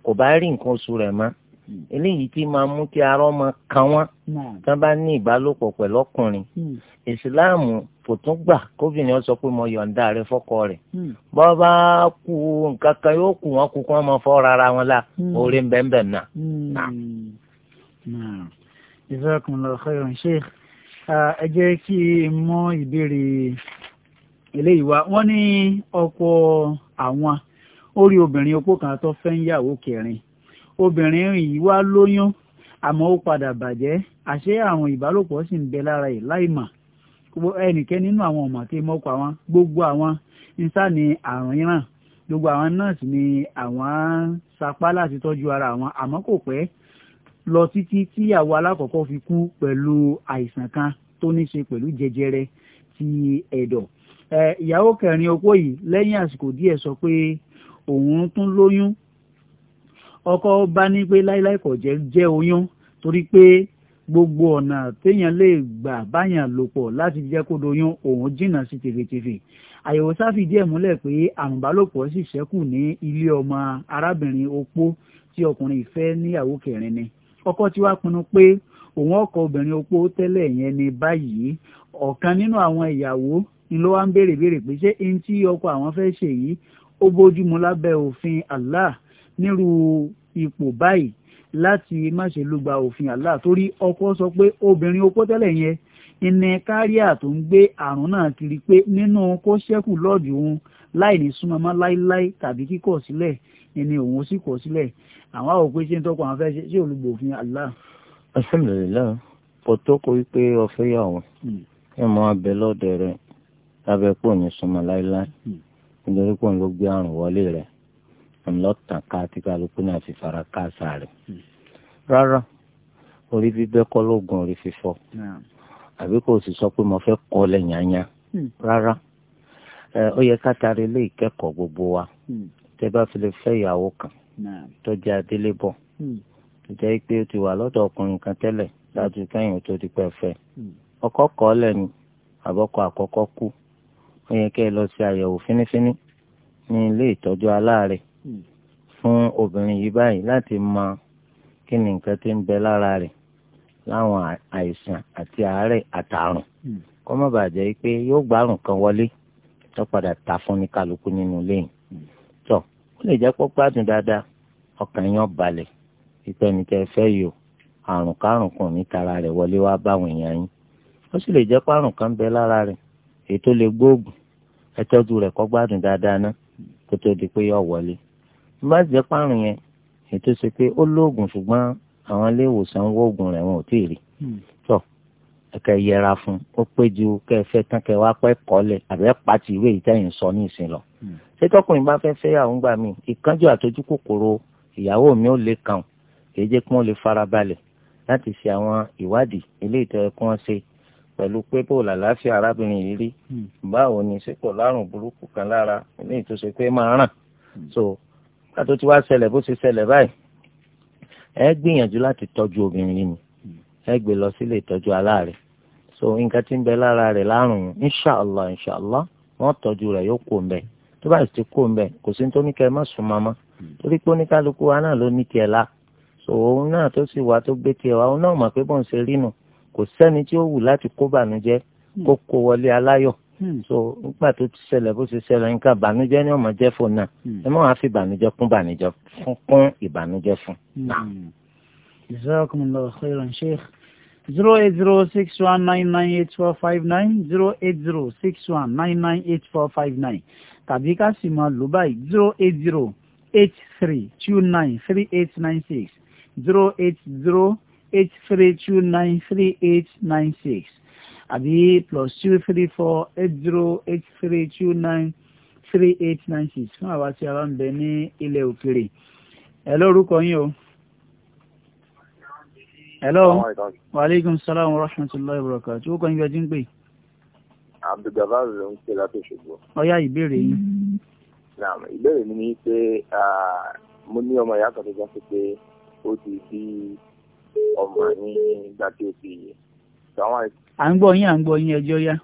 kò bá rí nǹkan oṣù rẹ̀ mọ́ Hmm. eléyìí tí máa mú kí arọ́ máa kan wọ́n hmm. tán bá ní ìbálòpọ̀ pẹ̀lú ọkùnrin hmm. ìsìláàmù kò tún gbà kóbìnrin sọ pé mo yọ̀ǹda rẹ fọ́kọ rẹ̀ bọ́ bá kú nǹkan kan yóò kù wọ́n kú kí wọ́n máa fọ́ rárá wọn la oore ń bẹ́ẹ̀ bẹ́ẹ̀ náà. jazakumullahu khairan sheikh ẹ jẹ́ kí n mọ ìbéèrè eléyìí wá wọ́n ní ọ̀pọ̀ àwọn ó obìnrin opó kan tó fẹ́ ń yàwó kẹrin obìnrin yìí wá lóyún àmọ́ ó padà bàjẹ́ àṣé àrùn ìbálòpọ̀ sì ń bẹ lára ẹ̀ láìmọ̀ ẹnìkẹ́ nínú àwọn ọmọ tí mọ́kọ àwọn gbogbo àwọn nsá ni àrùn ìràn gbogbo àwọn nọ́ọ̀sì ni àwọn sapá láti tọ́jú ara àwọn àmọ́ kò pẹ́ lọ títí tíyàwó alákọ̀ọ́kọ́ fi kú pẹ̀lú àìsàn kan tó ní ṣe pẹ̀lú jẹjẹrẹ ti ẹ̀dọ̀ ìyàwó kẹrin opó yìí lẹ́yìn àsìkò díẹ̀ sọ pé òun tún lóyún ọkọ bá ní pé láíláí kò jẹ́ jẹ́ oyún torí pé gbogbo ọ̀nà téèyàn lè gbà báyàn lò pọ̀ láti jẹ́ kó doyún òun jìnnà sí tèfètèfè àyẹ̀wò sáfì díẹ̀ múlẹ̀ pé àrùnbálòpọ̀ sì ṣẹ́kù ní ilé ọmọ arábìnrin opó tí ọkùnrin ìfẹ́ níyàwó kẹrin ni ọkọ tí wàá pinnu pé òun ọkọ obìnrin opó tẹ́lẹ̀ yẹn ni báyìí ọ̀kan nínú àwọn ìyàwó ni ló wá ń béèrè béèrè pé ṣé ẹni tí ọkọ àwọn fẹ́ ṣe yìí ó bójúmu lábẹ́ òfin Allah nírú ipò báyìí láti má ṣe ló òfin Allah torí ọkọ sọ pé obìnrin opó tẹ́lẹ̀ yẹn ìní káríà tó ń gbé àrùn náà kiri pé nínú kó ṣẹ́kù lọ́ọ̀dì òun láì ní súnmọ́ mọ́ láíláí tàbí kíkọ̀ sílẹ̀ ìní òun sì kọ̀ sílẹ̀ àwọn àwọn òpin ṣe ń tọ́kọ̀ àwọn fẹ́ ṣe olùgbò òfin Allah. alhamdulilayi pọtó kò wí pé ọfẹ yà wọn hmm. ẹ mọ abẹ lọ́dọ̀ rẹ̀ lábẹ́ pò ní súnmọ́ láíláí hmm. nítorí pò ń lọ gbé àrùn wọlé rẹ̀ ńlọ́tàn ká tí kálukú náà fi fara káàsà rẹ̀ rárá orí bíbẹ́ kọ́ lóògùn orí fífọ́ àbí kò sì sọ pé mo fẹ́ kọ́ lẹ́yìn anya hmm. rárá ó yẹ ká tari ilé ìkẹ́kọ̀ọ́ gbogbo wa hmm. tẹ́ bá fi lè fẹ́ ìyàwó kan tọ́jú adélébọ̀ hmm. tó jẹ́ pé ó ti wà lọ́dọ̀ ọkùnrin kan tẹ́lẹ̀ dájú kẹ́yìn tó ti pẹ́ fẹ́ ọkọ kọ́ lẹ́nu àbọ̀kọ àkọ́kọ́ kú ó yẹ kẹ́ ẹ lọ sí àyẹ̀wò fínífíní ní ilé ìtọ́jú aláàárẹ̀ fún obìnrin yìí báyìí láti mọ kí ni nǹkan tí ń bẹ lára rẹ̀ láwọn àìsàn àti àárẹ̀ àtàrùn hmm. kó má bàa jẹ́ pé yóò gbárùn kan wọlé tó padà ta fún ní kálukú nínú ilé hmm. tó ó lè jẹ́ pé gbádùn dáadáa ọkàn yẹn balẹ̀ ìpẹ́ni tẹ́ fẹ́ yìí o àrùn kárùn kan ní tara wọlé wá báwọn èèyàn yín ó sì lè jẹ́ pé àrùn kan bẹ lára rẹ̀ èyí tó lè gbóògùn ẹ tọ́jú kó gbádùn dáadáa ná kó tó di pé yóò wọlé má jẹ́ pààrùn yẹn ètò ṣe pé ó lóògùn ṣùgbọ́n àwọn ilé ìwòsàn wọ oògùn rẹ̀ wọn ò tí ì rí hmm. tọ́ kẹ yẹra fún ó pé ju kẹ fẹ́ tán kẹ wá pẹ́ kọ́lẹ̀ àbí ẹ pàtì ìwé ìtẹ̀yìn sọ ní ìsìn lọ. Hmm. ṣé tọkùnrin bá fẹ́ fẹ́ àwọn gbà mí ìkánjú àtọ́jú kòkòrò ìyàwó mi ò lè kàn kì í jẹ́ kí wọ́n lè fara balẹ̀ láti ṣe àwọn ìwádìí eléyìí tó yẹ kí wọ́n ṣe pẹ̀lú pé bó làlàáfíà arábìnrin yìí rí hmm. báwo ni sípò lárùn burúkú kan lára eléyìí tó pé máa ràn so pàtó tí wàá ṣẹlẹ̀ bó ṣe ṣẹlẹ̀ báyìí ẹ gbìyànjú láti tọ́jú obìnrin yìí ni ẹ gbé lọ sílé ìtọ́jú aláàrẹ̀ so nǹkan tí ń bẹ lára rẹ̀ lárùn inṣàlá inṣàlá wọ́n tọ́jú rẹ̀ yóò kó mbẹ́ tó bá ti kó mbẹ́ kò sí tó ní kẹ́ ẹ má sùn mọ́mọ́ torí pé oníkálukú wa náà ló ní tiẹ̀ la so òun náà tó sì wá tó gbé tiẹ̀ wá òun náà mọ̀ pé bọ́n ṣe rí nù kò sẹ́ni tí ó wù láti kó bànújẹ́ kó kó wọlé aláyọ̀ Hmm. so nígbà tó ti ṣẹlẹ̀ bó ṣe ṣẹlẹ̀ nǹkan ìbànújẹ́ ni ọmọ jẹ́ fún náà hmm. ẹ má wàá fi ìbànújẹ́ kún ìbànújẹ́ fún kún ìbànújẹ́ fún. Hmm. zero eight zero six one nine nine eight four five nine zero eight zero six one nine nine eight four five nine tàbí ká sì máa lò báyìí zero eight zero eight three two nine three eight nine six zero eight zero eight three two nine three eight nine six àbí plus two three four eight zero eight three two nine three eight nine six fún àwa tí a bá ń bẹ ní ilẹ̀ òkèèrè. ẹ lórúkọ yín o. hello waaleykum salaam wa rahmatulahi wa barakatuh owó kan yín gbẹ́jú ń pè. abdulgafar ló ń pè láti ṣògbọ́n. ọyá ìbéèrè yín. ìbéèrè mi ni pé mo ní ọmọ ìyá kan tó jẹ́ pé ó ti bí ọmọ ní gbàdúrà sí i à ń gbọ́ yín à ń gbọ́ yín ẹjọ́ yá.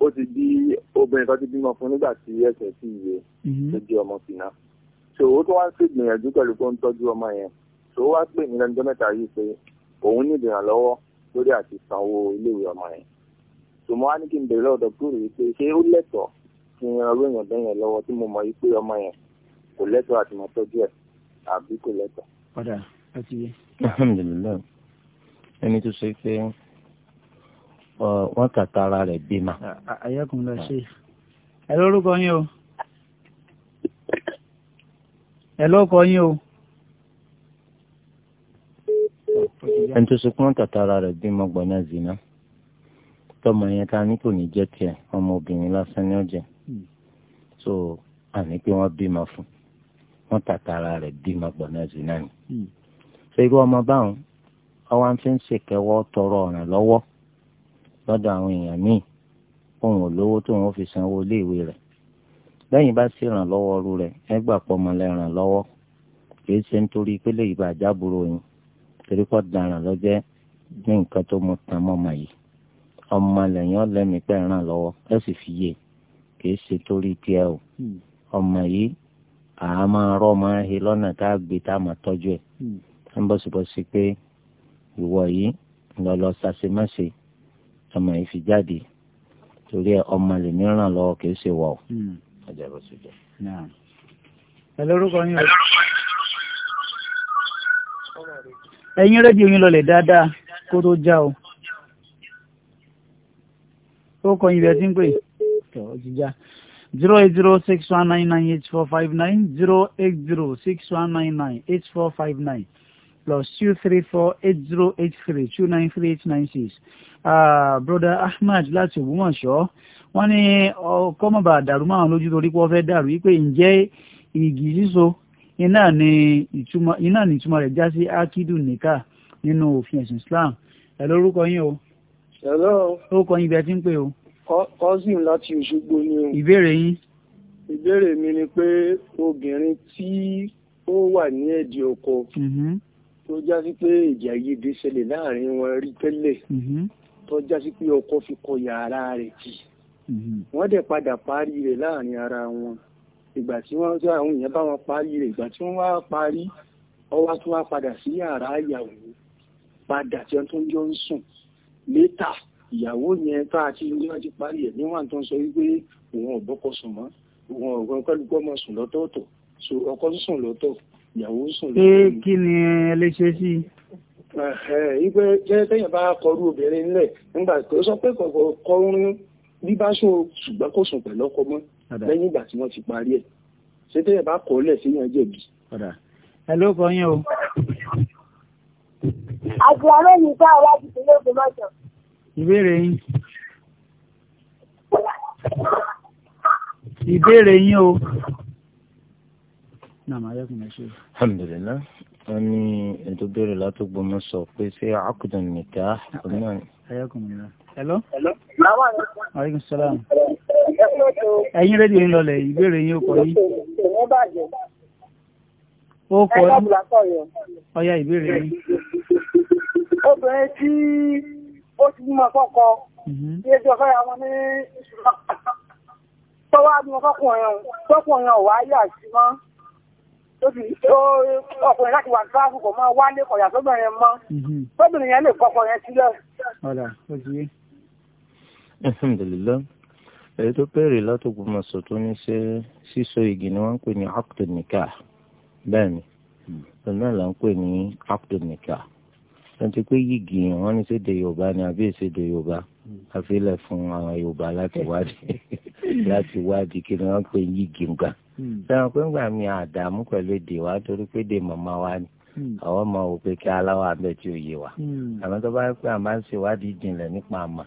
ó ti bí obìnrin kan ti bímọ fún nígbà tí ẹsẹ̀ sì yé mhm. tó di ọmọ sí náà so ó tó wá sí ìgbìyànjú pẹ̀lú pé ó ń tọ́jú ọmọ yẹn so ó wá pè mí lẹ́nu mẹ́ta yìí pé òun ní ìdìrànlọ́wọ́ lórí àti sanwó iléèwé ọmọ yẹn so mo wá ní kí n bèrè lọ́dọ̀ kúrò yìí pé ṣé ó lẹ́tọ̀ọ́ kí n ran lóyún ọ̀dọ́ yẹn lọ́wọ́ tí mo mọ̀ yìí pé ọmọ yẹn kò lẹ́tọ̀ọ́ àti mọ̀ tọ́jú ẹ̀ àbí kò lẹ́tọ̀ọ́. padà àti. alhamdulilayi ẹni tó ṣe pé wọ́n tàtàrà rẹ̀ bímọ. àyẹ̀kùn lọ ṣe ẹ lórúkọ yín o ẹ lórúkọ yín o. ẹni tó sunkún wọ́n tàtàrà rẹ̀ bímọ gbọ̀nà zina tọmọ yẹn ta ní kò ní jẹ́ tiẹ̀ ọmọ lásán ni ó jẹ́ hmm. so àní pé wọ́n bímọ fún wọ́n tàtàrà rẹ̀ bímọ gbọ̀nà zina ni. ṣé hmm. irú ọmọ báwọn ọwọ́ à ń ṣèkẹ́wọ́ tọrọ ọ̀ràn lọ́wọ́. lọ́dọ̀ àwọn èèyàn míì òun ò lówó tó wọn fi sanwó iléèwé rẹ̀ lẹ́yìn bá sì ràn lọ́wọ́ rẹ̀ ẹ gbà ràn kì í ṣe nítorí pélé ìbà àjábúrò yín torí pọ̀ daràn lọ́jẹ́ ní nǹkan tó mọ́ màyí ọmọ ràn ẹ fi yé e. kì í ṣe o hmm. ọmọ yìí rọ́ máa he lọ́nà tá gbé tá tọ́jú ẹ̀ hmm. ń pé ìwọ yìí lọ́lọ́ sàṣemáṣe ọmọ yìí fi jáde torí ẹ ọmọ lè ní ràn lọ́wọ́ kì í ṣe wà ó. ọjà bó ṣe jẹ. ẹ lórúkọ yín o. ẹ̀yin rédíò yín lọlẹ̀ dáadáa kó tó já o. ó kọ yín bí ẹ ti ń pè ó ti já zero eight zero six one nine nine eight four five nine zero eight zero six one nine nine eight four five nine plus two three four eight zero eight three two nine three eight nine six ah, broda ahmed láti ògbómọ̀ṣọ́ wọ́n ní ọkọ mọba dàrú máa lójú torí pé wọ́n fẹ́ẹ́ dàrú wípé ǹjẹ́ igi síso iná ni ìtumọ̀ iná ni ìtumọ̀ rẹ̀ já sí akidu nika nínú òfin ẹ̀sìn islam ẹ lórúkọ yín o. hello. orúkọ yín ibẹ̀ tí ń pè o. cousin láti òṣogbo ni o. ìbéèrè yín. ìbéèrè mi ni pé obìnrin tí ó wà ní ẹ̀dì ọkọ. Mm-hmm tó já sí pé èdè àìyedè ṣẹlẹ̀ láàrin wọn rí tẹ́lẹ̀ mhm. tó já sí pé ọkọ fi kọ yàrá rẹ̀ jì mhm. wọ́n dẹ̀ padà parí rẹ̀ láàrin ara wọn ìgbà tí wọ́n tí àwọn èèyàn bá wọn parí rẹ̀ ìgbà tí wọ́n wá parí ọwá tó wá padà sí yàrá ìyàwó padà tí wọ́n tó ń jọ ń sùn létà ìyàwó yẹn tó àti ilé wọn ti parí ẹ̀ níwọ̀n tó ń sọ wípé òun ò bọ́kọ sùn mọ́ òun ò gbọ́n kọ́lùkọ́ mọ́ sùn lọ́tọ̀ọ̀tọ̀ so ọkọ sùn lọ́tọ̀ ìyàwó pé kí ni ẹ sí ìgbẹ́ jẹ́ bá kọrú obìnrin nílẹ̀ nígbà tó sọ pé kọ̀ọ̀kọ̀ kọrin bí bá sùn ṣùgbọ́n kò sùn pẹ̀lú ọkọ mọ́ lẹ́yìn ìgbà tí wọ́n ti parí ẹ̀ ṣé bá kọ̀ ọ́lẹ̀ síyàn jẹ̀bi. ẹ kọ yín o. àti àárẹ̀ yìí bá wa ti sílé ògùn mọ́tò. ìbéèrè yín. ìbéèrè yín o nàmà ayẹ́kùn ẹ̀ṣẹ́. alhamdulilah wọn ní ètò bẹ̀rẹ̀ látọgbọmọ sọ pé ṣé akudan nìkan ọ̀nà. ayẹ́kùn ẹ̀ṣẹ́. hello. hello. aleykum salaam. ẹ̀yin rédíò ń lọlẹ̀ ìbéèrè yín ó kọ yín. ó kọ yín. ọ̀ya ìbéèrè yín. obìnrin tí ó ti mú ọkọ̀ mhm. tí ẹjọ́ fẹ́ àwọn ní tọ́wọ́ àdúgbò fọ́kùnrin ọ̀wá yà sí mọ́ ọkùnrin láti wà tíráfù kò máa wá lé kọ̀yà sóbìnrin yẹn mọ́ sóbìnrin mhm. yẹn lè kọ́kọ́ yẹn sílẹ̀. ọ̀là ó ti yé. alhamdulillah èyí tó péré látòkù máa sọ tó ní ṣe sísọ igi ni wọ́n ń pè ní akdu nikah bẹ́ẹ̀ ni hmm. òun là ń pè ní akdu nikah àti pé yìgì wọ́n ní ṣèdè yorùbá ni àbí ìṣèdè yorùbá àfilẹ̀ hmm. fún àwọn yorùbá láti wádìí láti wádìí kí ni wọ́n pè yìgì gan sẹ́wọ̀n hmm. pé ńgbà mi àdààmú pẹ̀lú èdè wa torí pé èdè màmá wa ni hmm. àwọn ọmọ wò pé kí aláwọ̀ abẹ́ tí ò yé wa hmm. àmọ́ tó bá pẹ́ àmọ́ ṣèwádìí jinlẹ̀ nípa àmà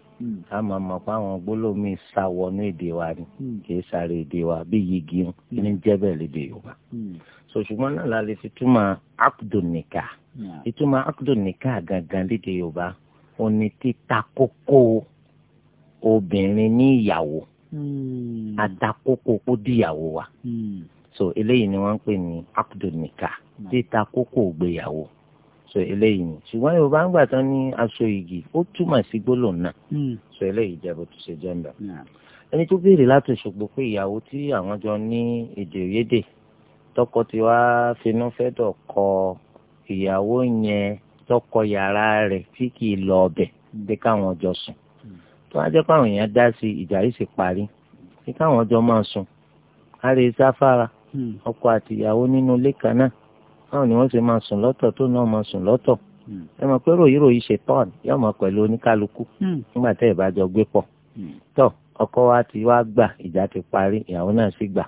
àmọ́ mọ̀ pé àwọn gbólómi sá wọnú èdè wa ni kì í sáré èdè wa bí yigi ń ní jẹ́bẹ̀ lédè Yorùbá sòṣùgbọ́n náà la lè fi túmọ̀ akudunika ìtumọ̀ akudunika gangan lédè Yorùbá ó títa kókó obìnrin ní ìyàwó àdàkókò hmm. kó díyàwó wa hmm. so eléyìí ni wọ́n ń pè ní akdun nikah hmm. kókò gbéyàwó so eléyìí ni ṣùgbọ́n yorùbá ń gbà tán ní aṣọ igi ó túmọ̀ sí gbólóhùn náà so eléyìí jẹ́ bó ti ṣe jẹ́ ń bẹ̀. ẹni tó béèrè láti ṣògbó pé ìyàwó tí àwọn jọ ní èdè òyédè tọkọ tí wàá finú fẹ́ dọ̀ ìyàwó yẹn tọkọ yàrá rẹ̀ tí kì í lọ ọbẹ̀ bí káwọn jọ sùn tó wá jẹ́ káwọn èèyàn dá sí ìjà yìí sì parí kí káwọn ọjọ́ máa sùn á rí sáfárà hmm. ọkọ àti ìyàwó nínú ilé kan náà báwọn ni wọ́n ṣe máa sùn lọ́tọ̀ tó náà máa sùn lọ́tọ̀ hmm. ẹ mọ̀ pé ròyìn ròyìn ṣe tọ́ọ̀nù yóò mọ̀ pẹ̀lú oníkálukú hmm. nígbà tẹ́ ìbájọ gbé pọ̀ tó ọkọ wa ti wá gbà ìjà ti parí ìyàwó náà sì gbà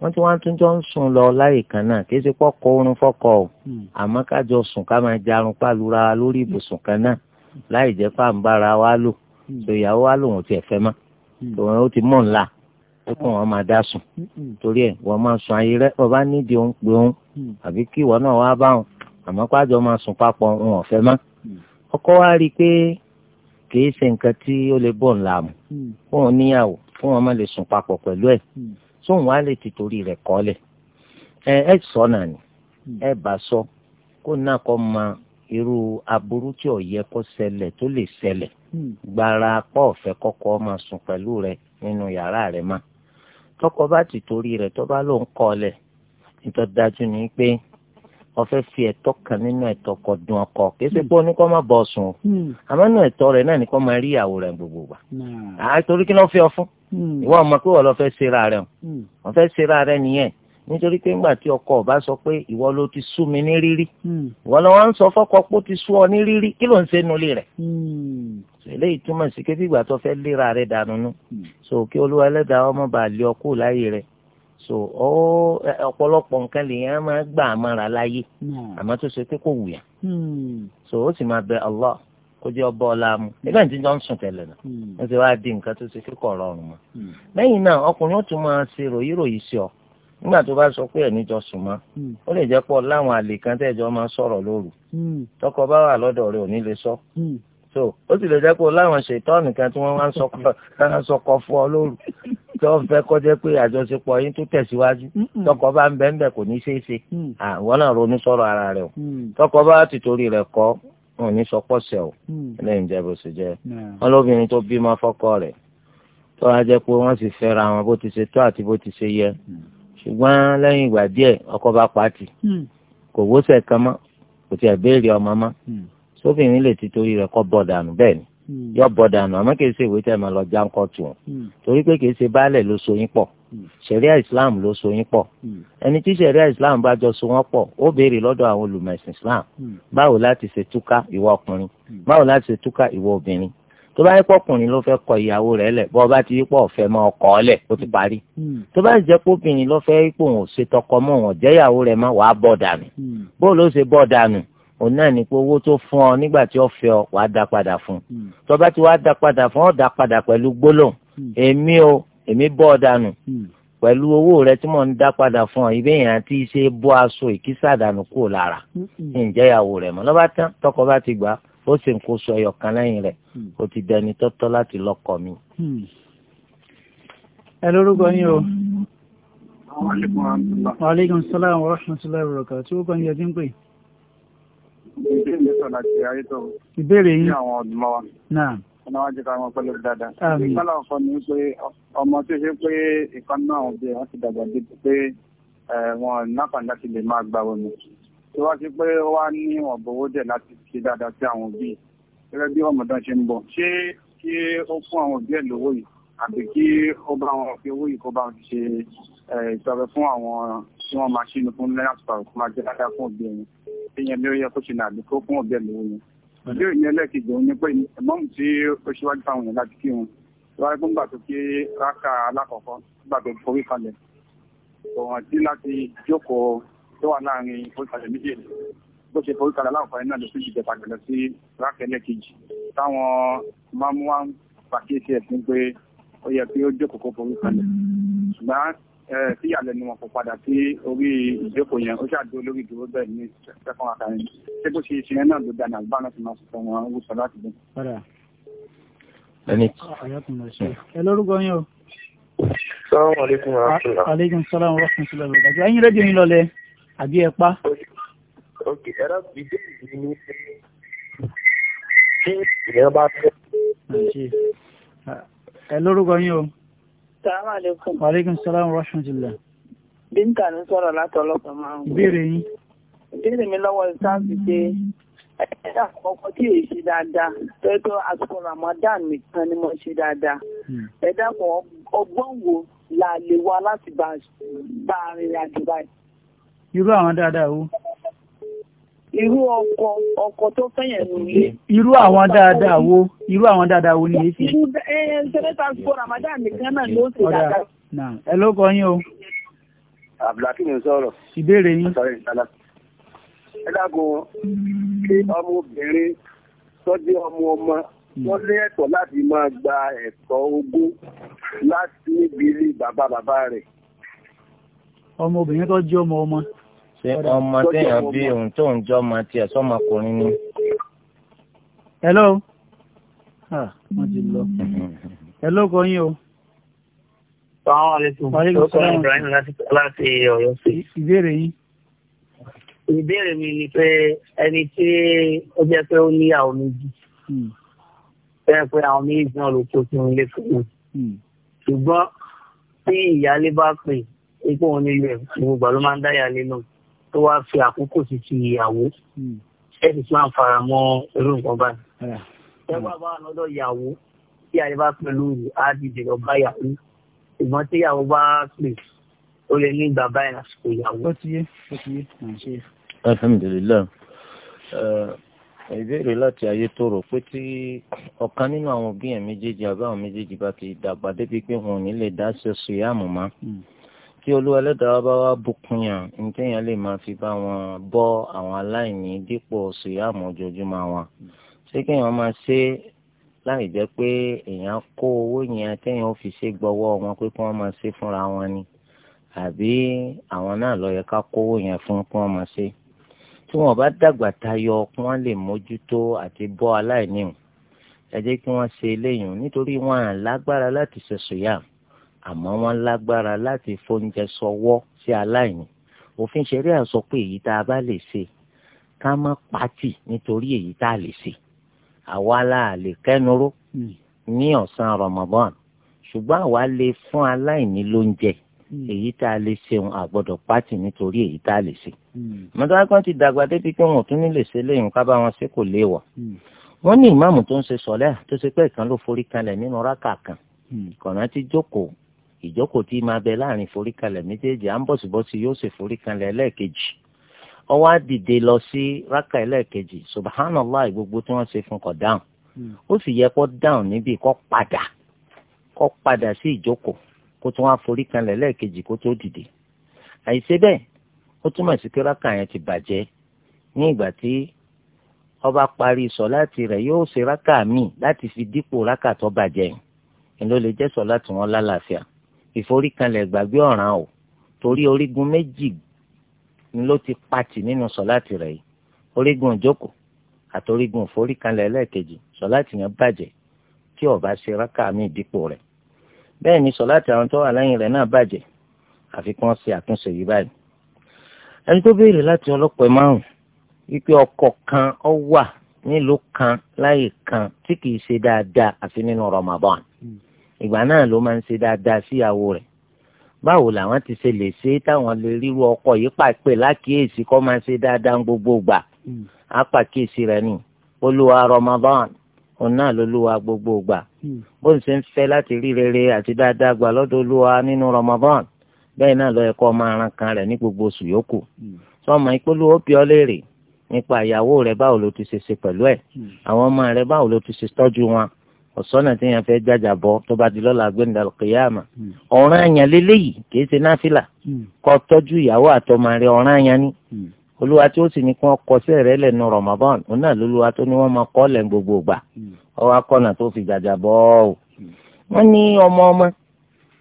wọ́n ti wá tún jọ ń sùn lọ láyè kan náà kì í ṣe pọ́kọ oorun fọ́kọ o àmọ́ kájọ sùn ká máa jarun pálura lórí ibùsùn kan náà láì jẹ́ pàǹbára wa lò Hmm. so ìyàwó wa lòun ti ẹ̀fẹ́ mọ́ òun hmm. ó ti mọ̀ ńlá ó kàn wọ́n máa dá sùn hmm, torí ẹ̀ wọ́n máa sùn ayé rẹ̀ ọba nídìí òun pé òun àbí kí ìwọ náà wá bá òun àmọ́ pàjọ máa sùn papọ̀ òun ọ̀fẹ́ mọ́ ọkọ wa rí i pé kìí ṣe nǹkan tí ó lè bọ̀ ńlá mu fóun níyàwó fóun ọmọ lè sùn papọ̀ pẹ̀lú ẹ̀ sóun wá lè ti torí rẹ̀ kọ́lẹ̀ ẹ ẹ sọ náà ẹ bá sọ kó náà kọ́ máa irú aburú tí ò yẹ kó ṣẹlẹ̀ tó lè ṣẹlẹ̀ hmm. gbara apá ọ̀fẹ́ kọ́kọ́ máa sùn pẹ̀lú rẹ nínú yàrá rẹ mà tọkọ bá ti torí rẹ tó bá lóun kọ ọlẹ̀ nítorí dájú ni pé ọfẹ fi ẹ̀tọ́ kan nínú ẹ̀tọ́ kọ dun ọkọ kése hmm. pé oníkọ má bọ sùn hmm. àmọ́ nínú ẹ̀tọ́ rẹ náà nìkan máa rí ìyàwó rẹ gbogbo gbà àá torí kí ló fẹ́ ọ fún ìwọ ọmọ pé wọn lọ fẹ́ ṣera rẹ o wọn fẹ́ ṣera rẹ nìyẹn nítorí pé ńgbà tí ọkọ ọba sọ pé ìwọ ló ti sú mi ní rírí hmm. ìwọ lọ wọn ti sú ọ ní rírí kí ló ń ṣe nulẹ rẹ. Hmm. eléyìí túmọ̀ sí pé bí ìgbà tó fẹ́ léra rẹ hmm. so kí olúwa ẹlẹ́dàá ọmọ bá lé ọkọ láyé rẹ so ọ̀pọ̀lọpọ̀ nǹkan máa gbà àmọ́ra láyé àmọ́ tó ṣe pé so ó sì máa bẹ Allah kó jẹ́ ọba ọlá mu nígbà tí wọ́n ń sùn tẹ́lẹ̀ náà wọ́n ti wá di nǹkan tó ṣe kíkọ̀ rọrùn mọ́ lẹ́yìn náà ọkùnrin ó tún máa ṣe ròyìnròyìn ọ nígbà tó bá sọ pé ẹ̀ níjọ sùn mọ́ hmm. ó lè jẹ́ pọ̀ láwọn àlè kan tẹ́jọ́ máa sọ̀rọ̀ lóru hmm. tọkọ bá wà lọ́dọ̀ rẹ̀ ò ní lè sọ hmm. so ó sì lè jẹ́ pé láwọn ṣètọ́ọ̀nì kan tí wọ́n máa ń sọkọ fún ọ lóru tó ń fẹ́ kọjá pé àjọṣepọ̀ yín tó tẹ̀síwájú tọkọ bá ń bẹ́ ń bẹ̀ kò ní ṣeé ṣe àwọn náà ronú sọ̀rọ̀ ara rẹ̀ o tọkọ bá ti torí rẹ̀ kọ́ wọn ò ní sọ pọ̀ṣẹ̀ o lẹ́yìn jẹ́ bó ṣe jẹ́ wọn lóbìnrin tó bímọ fọ́kọ rẹ̀ tó wá jẹ́ pé wọ́n sì fẹ́ra wọn bó ti ṣe tó àti bó ti ṣe yẹ ṣùgbọ́n lẹ́yìn ìgbà díẹ̀ ọkọ bá pàtì hmm. kò wọ́sẹ̀ kan mọ́ kò tiẹ̀ béèrè ọmọ mọ́ hmm. sófin lè ti torí rẹ̀ kọ́ bọ̀ dànù bẹ́ẹ̀ ni hmm. yọ bọ̀ dànù àmọ́ kìí ṣe ìwé tẹ̀ máa lọ já tù wọ́n torí pé kìí ṣe baálẹ̀ ló so pọ̀ ṣẹ̀ríà islam ló so yín pọ̀ ẹni tí ṣẹ̀ríà islam bá jọ so wọ́n pọ̀ ó béèrè lọ́dọ̀ àwọn olùmọ̀ẹ̀sìn islam báwo láti ṣe túká ìwọ ọkùnrin báwo láti ṣe túká ìwọ obìnrin tó bá yẹ pọkùnrin ló fẹ́ kọ ìyàwó rẹ̀ lẹ̀ bọ́ bá ti yí pọ̀ fẹ́ mọ ọkọ lẹ̀ ó ti parí hmm. tó bá jẹ́ pópinrin ló fẹ́ pò wọ́n ṣe tọkọ mọ́ wọn jẹ́ ìyàwó rẹ̀ má wàá bọ̀ dànù hmm. bó ló ṣe bọ̀ dànù òun náà ní pé owó tó fún ọ nígbà tí ó fẹ́ ọ wàá dá padà fún un hmm. tó bá ti wàá dá padà fún ọ dá padà pẹ̀lú gbólóhùn èmi o èmi bọ̀ dànù pẹ̀lú owó rẹ tí mò ń dá padà fún ọ ibẹ̀ yẹn àti iṣẹ́ bọ́ aṣọ ìkísà dànù kúrò lára ǹjẹ́ ìyàwó rẹ̀ mọ́ lọ́ba tán tọkọ bá ti gbà á ó sì ń kó sọ ẹyọkan lẹ́yìn rẹ̀ hmm. ó ti dẹni tọ́tọ́ láti lọ́kọ mi. Hmm. ẹ lórúkọ yín o. wa aleykum salaam wa rahmatulahi wa barakatuh tí ó kàn yẹ kí n pè. ìbéèrè sọ̀rọ̀ àti ayétọ̀. ìbéèrè yín. ní àwọn ọdún mọ́wá. náà. ọ̀nà wájú ká máa pẹ́lú dáadáa. ìpínlẹ̀ ọ̀fọ̀ ni pé ọmọ tó ṣe pé ìkan náà ọ̀bẹ wọn ti dàgbà débi pé eh, wọn náà kàn láti lè máa gbà wọn tí wá sí pé wá ní ọ̀bọ̀ dẹ̀ láti ṣe dáadáa sí àwọn òbí gẹ́gẹ́ bí ọmọdé ṣe ń bọ̀ ṣé kí ó fún àwọn òbí ẹ̀ lówó yìí àbí kí ó bá wọn fi owó yìí kó bá wọn ṣe ìtọrẹ fún àwọn tí wọ́n máa ṣínú fún lẹ́yìn àtúntò kó máa jẹ́ dáadáa fún òbí ẹ̀yìn ìyẹn ni ó yẹ kó ṣe nàbí kó fún òbí ẹ̀ lówó yẹn. ìdí ìyẹn lẹ́ẹ̀kejì tó wà láàrin ìforíkalẹ̀ méjèèjì bó ṣe foríkalẹ̀ aláǹfààní náà ló sì jìjẹ padà lọ sí rákẹ́lẹ́ kejì táwọn máàmú wa ń pàkíyèsí ẹ̀ fún pé ó yẹ kí ó jókòó kó foríkalẹ̀ ṣùgbọ́n tí ìyàlẹ́nu wọn kò padà sí orí ìjókòó yẹn ó ṣàdó lórí ìdúró bẹ́ẹ̀ ní sẹ́kọ̀n àkàrin ṣé bó ṣe ṣe yẹn náà ló dáná àgbà náà ti máa sọ wọn ó sọ láti bẹ́ẹ̀. ẹ lórúkọ yín o. Assalamu alaikum àbí pa? ok ẹ̀rọ ìbéèrè mi ni ṣé èèyàn bá fẹ́. Uh, ẹ lórúkọ yín o. salaam aleykum. wa aleykum salaam wa rahmatulah. bíńkà ní sọ̀rọ̀ láti ọlọ́pàá máa ń. ìbéèrè yín. ìbéèrè mi lọ́wọ́ ìsáàsì pé ẹ̀dá àkọ́kọ́ tí èyí ṣe dáadáa tọ́jọ́ àsìkò Ramadan nìkan ni mo ṣe dáadáa hmm. ẹ̀dá kan ọgbọ́n wo la lè wá láti bá a rìnrìn àjò báyìí irú àwọn dáadáa wo. irú ọkọ ọkọ tó fẹ́yẹ̀ lórí. irú àwọn dáadáa wo irú àwọn dáadáa wo ni èyí fi. irú ẹ ẹ sẹ́lẹ̀tà sọ ramadan nìkan náà ló ṣe dáadáa. ẹ ló kọ yín o. abdulhakeem ń sọ̀rọ̀. ìbéèrè yín. ẹ dákun kí ọmọbìnrin tọ́jú ọmọ ọmọ wọ́n ní ẹ̀tọ́ láti máa gba ẹ̀tọ́ ogún láti níbi ilé bàbá bàbá rẹ̀. ọmọbìnrin tó jẹ́ ọmọ ọmọ ṣé ọmọ téèyàn bí òun tó ń jọ ọmọ tiẹ̀ sọ́mọkùnrin ni. hello wọ́n ti lọ hello kò yín o. sàmúlẹ̀kùn lóko ibrahim láti ọ̀yọ́ sí. ìbéèrè yín. ìbéèrè mi ni pé ẹni tí ó jẹ́ pé ó ní àwọn méjì fẹ́ hmm. pé àwọn méjì náà ló kó sínú ilé fún un. Hmm. ṣùgbọ́n tí ìyáálé bá pè é pé òun nílé ìwògbà ló máa ń dá ìyáálé náà tó wá fi àkókò sí ti ìyàwó hmm. ẹ sì máa ń fara mọ́ irú nǹkan báyìí. Hmm. ẹ wá bá lọ́dọ̀ ìyàwó tí ayé bá pẹ̀lú àdìdì ọba ìyàwó ìgbọ́n tí ìyàwó bá pè ó lè ní ìgbà báyìí lásìkò ìyàwó. ó ti yé ó ti yé kò ṣe é. alhamdulilayi ìbéèrè láti ayé tó rò pé tí ọ̀kan nínú àwọn òbí ẹ̀ méjèèjì àbáwọn méjèèjì bá ti dàgbà débi pé wọn ò ní lè dá ṣe sùyàmù mọ́. Hmm tí olúwa ẹlẹ́dàá bá wá bùkún yàn nítẹ̀yàn lè máa fi bá wọn bọ́ àwọn aláìní dípò síyàmù ojoojúmọ́ wọn ṣé kéèyàn máa ṣe láì jẹ́ pé èèyàn kó owó yẹn téèyàn fi ṣe gbọ́wọ́ wọn pé kí wọ́n máa ṣe fúnra wọn ni àbí àwọn náà ló yẹ ká kówó yẹn fún kí wọ́n máa ṣe tí wọ́n bá dàgbà tayọ kí wọ́n lè mójútó àti bọ́ aláìní ẹ jẹ́ kí wọ́n ṣe eléyìí nítorí wọn à láti ṣe sùyàmù àmọ́ wọ́n lágbára láti fóúnjẹ sọwọ́ sí aláìní òfin ṣẹ̀ríà sọ pé èyí tá a bá lè ṣe ká má pàtì nítorí èyí tá a lè ṣe àwa la lè kẹnuró hmm. ní ọ̀sán Ramadan ṣùgbọ́n àwa lè fún aláìní lóúnjẹ hmm. èyí tá a lè ṣeun àgbọ̀dọ̀ pàtì nítorí èyí tá a lè ṣe. Hmm. mọ́tàlá kan ti dàgbà débi pé wọn ò tún nílè ṣe léyìn ká bá wọn ṣe kò léèwọ̀. wọ́n ní ìmáàmù tó ń ṣe sọ̀lẹ́ tó ṣe pé ìkan ló forí kanlẹ̀ nínú rákà kan kọ̀nà ti jókòó ìjókòó tí máa bẹ láàrin foríkalẹ̀ méjèèjì à ń bọ̀sibọ́sí yóò ṣe foríkalẹ̀ ẹlẹ́ẹ̀kejì ó wá dìde lọ sí rákà ẹlẹ́ẹ̀kejì subhanallah gbogbo tí wọ́n ṣe fún kó dáhùn hmm. ó sì yẹ kó dáhùn níbi kó padà kó padà sí ìjókòó kó tún wá foríkalẹ̀ ẹlẹ́ẹ̀kejì kó tó dìde àìṣe bẹ́ẹ̀ ó túmọ̀ sí pé rákà yẹn ti bàjẹ́ ní ìgbà tí ó bá parí sọ̀láàtì rẹ̀ yóò ṣe rákà míì láti fi dípò rákà tó bàjẹ́ yìí ló lè jẹ́ sọ̀láàtì wọn lálàáfíà ìforíkanlẹ̀ gbàgbé ọ̀ràn o torí orígun méjì ni ló ti pati nínú sọ̀láàtì rẹ̀ yìí orígun ìjókòó àti orígun ìforíkanlẹ̀ ẹlẹ́ẹ̀kejì sọ̀láàtì yẹn bàjẹ́ tí ó ṣe rákà mí ìdípò rẹ̀ bẹ́ẹ̀ ni sọ̀láàtì àwọn tó wà lẹ́yìn rẹ̀ náà bàjẹ́ àfikún ṣe àtúnṣe yìí báyìí ẹni tó béèrè láti ọlọ́pàá márùn wípé ọkọ̀ kan ọ wà nílùú kan láyè kan tí kìí ṣe dáadáa àfi nínú Ramadan. Hmm ìgbà náà ló máa ń ṣe dáadáa síyàwó rẹ̀ báwo làwọn ti ṣe lè ṣe táwọn lè ríru ọkọ yìí pàpè lákìyèsí kó máa ṣe dáadáa gbogbo gbà á hmm. pàkíyèsí rẹ̀ ni olúwa Ramadan òun náà lolúwa gbogbo gbà hmm. bó ń ṣe ń fẹ́ láti rí rere àti dáadáa gbà lọ́dọ̀ olúwa nínú Ramadan bẹ́ẹ̀ náà ló yẹ kó máa ran kan rẹ̀ ní gbogbo oṣù yòókù hmm. sọmọ ìpolówó bí ọ léèrè nípa ìyàwó rẹ̀ báwo ló ti ṣe ṣe pẹ̀lú ẹ̀ àwọn ọmọ rẹ̀ báwo ló ti ṣe tọ́jú wọn ọ̀sọ́nà tí yẹn fẹ́ jájà bọ́ tó bá di lọ́la gbẹ̀ndà kìyàmà hmm. ọ̀ràn àyàn lélẹ́yìí kì í ṣe náfìlà hmm. kọ́ tọ́jú ìyàwó àtọmọ rẹ̀ ọ̀ràn àyàn ni hmm. olúwa tí ó sì ní kí wọ́n kọ sí ẹ̀rẹ́ lẹ́nu Ramadan òun náà lolúwa tó ní wọ́n máa kọ́ lẹ́nu gbogbo ìgbà ọwọ́ akọ́nà tó fi jájà bọ́ ọ́ wọ́n ní ọmọ ọmọ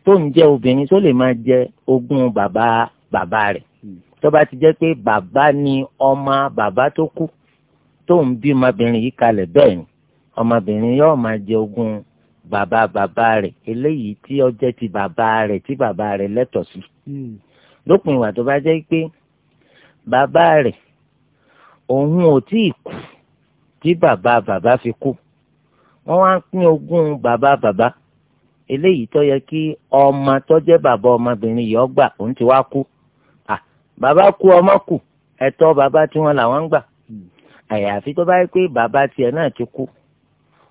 tó ń jẹ́ obìnrin tó lè máa jẹ ogún bàbá bàbá rẹ̀ tó bá ti jẹ́ pé bàbá ni ọmọ bàbá tó kú tó ń bí ọmọbìnrin yìí kalẹ̀ bẹ́ẹ̀ ni ọmọbìnrin yóò máa jẹ ogún bàbá bàbá rẹ̀ eléyìí tí ó jẹ́ ti bàbá rẹ̀ tí bàbá rẹ̀ lẹ́tọ̀ọ́ sí. Hmm. lópin ìwà tó bá jẹ́ pé bàbá rẹ̀ òun ò tí ì kú tí bàbá bàbá fi kú wọ́n wá ń pín ogún bàbá bàbá eléyìí tó yẹ kí ọmọ tó jẹ́ bàbá ọmọbìnrin yìí gbà òun ti wá kú bàbá kú ọmọ kù ẹ̀tọ́ bàbá tí wọ́n làwọn ń gbà hmm. àyàfi tó bá yẹ pé bàbá tiẹ̀ náà ti kú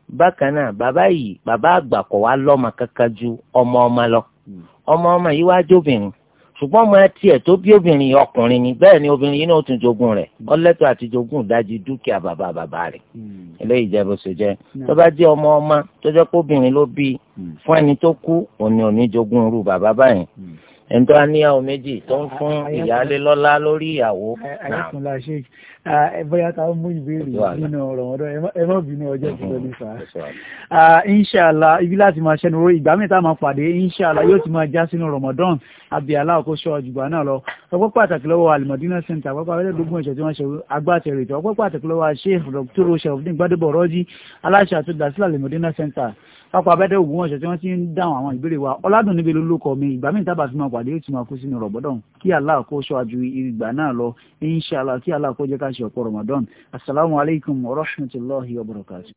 bákan náà bàbá yìí bàbá àgbà kọ̀ wá lọ́mọ kankan ju ọmọ ọmọ lọ hmm. ọmọ ọmọ yìí wá jóbìnrin ṣùgbọ́n ọmọ tiẹ̀ tó bí obìnrin ọkùnrin ni bẹ́ẹ̀ ni obìnrin yìí náà tún jogún rẹ̀ ọlẹ́tọ̀ hmm. àti jogún ìdajì dúkìá bàbá bàbá rẹ̀ hmm. eléyìí jẹ́ bó ṣe jẹ́ tó bá jẹ́ ọmọ ọmọ tó jẹ́ pé obìnrin ló bí fún ẹni tó kú òní òní jogún irú bàbá báyìí ẹni tó méjì tó ń fún ìyáálé lọ́lá lórí ìyàwó náà. Uh, bóyá ká mú ìbéèrè nínú ọ̀rọ̀ ọ̀dọ́ ẹmọ́ bínú ọjọ́ tí lọ nípa uh, inṣàlá ibi láti máa ṣẹnu orí ìgbà mẹ́ta máa pàdé inṣàlá yóò ti máa já sínú Ramadan abiyalá òkóṣọ ọjùgbà náà lọ ọpẹ́ pàtàkì lọ́wọ́ alimọ̀dínà center àpapọ̀ abẹ́lẹ́dógún ẹ̀ṣẹ̀ tí wọ́n ṣe agbátẹrù ìtọ́ ọpẹ́ pàtàkì lọ́wọ́ Sheikh Dr. Sharafdeen Gbadebo Rọ́jí aláṣẹ àtúndásílẹ̀ alimọ̀dínà center pápá abẹ́tẹ̀ ògùn ọ̀sẹ̀ tí wọ́n ti ń dáhùn àwọn ìbéèrè wa ọ̀làdùn níbi lólókọ mi ìgbà míì tábà fi máa pàdé ètò máa kú sínú rọ̀bọ̀dọ̀n kí Allah kó ìgbà náà lọ inshallah kí Allah jẹ́ ká ọ̀pọ̀ rọ̀mọ̀dọ̀n assalamu alaikum wa rahmatullahi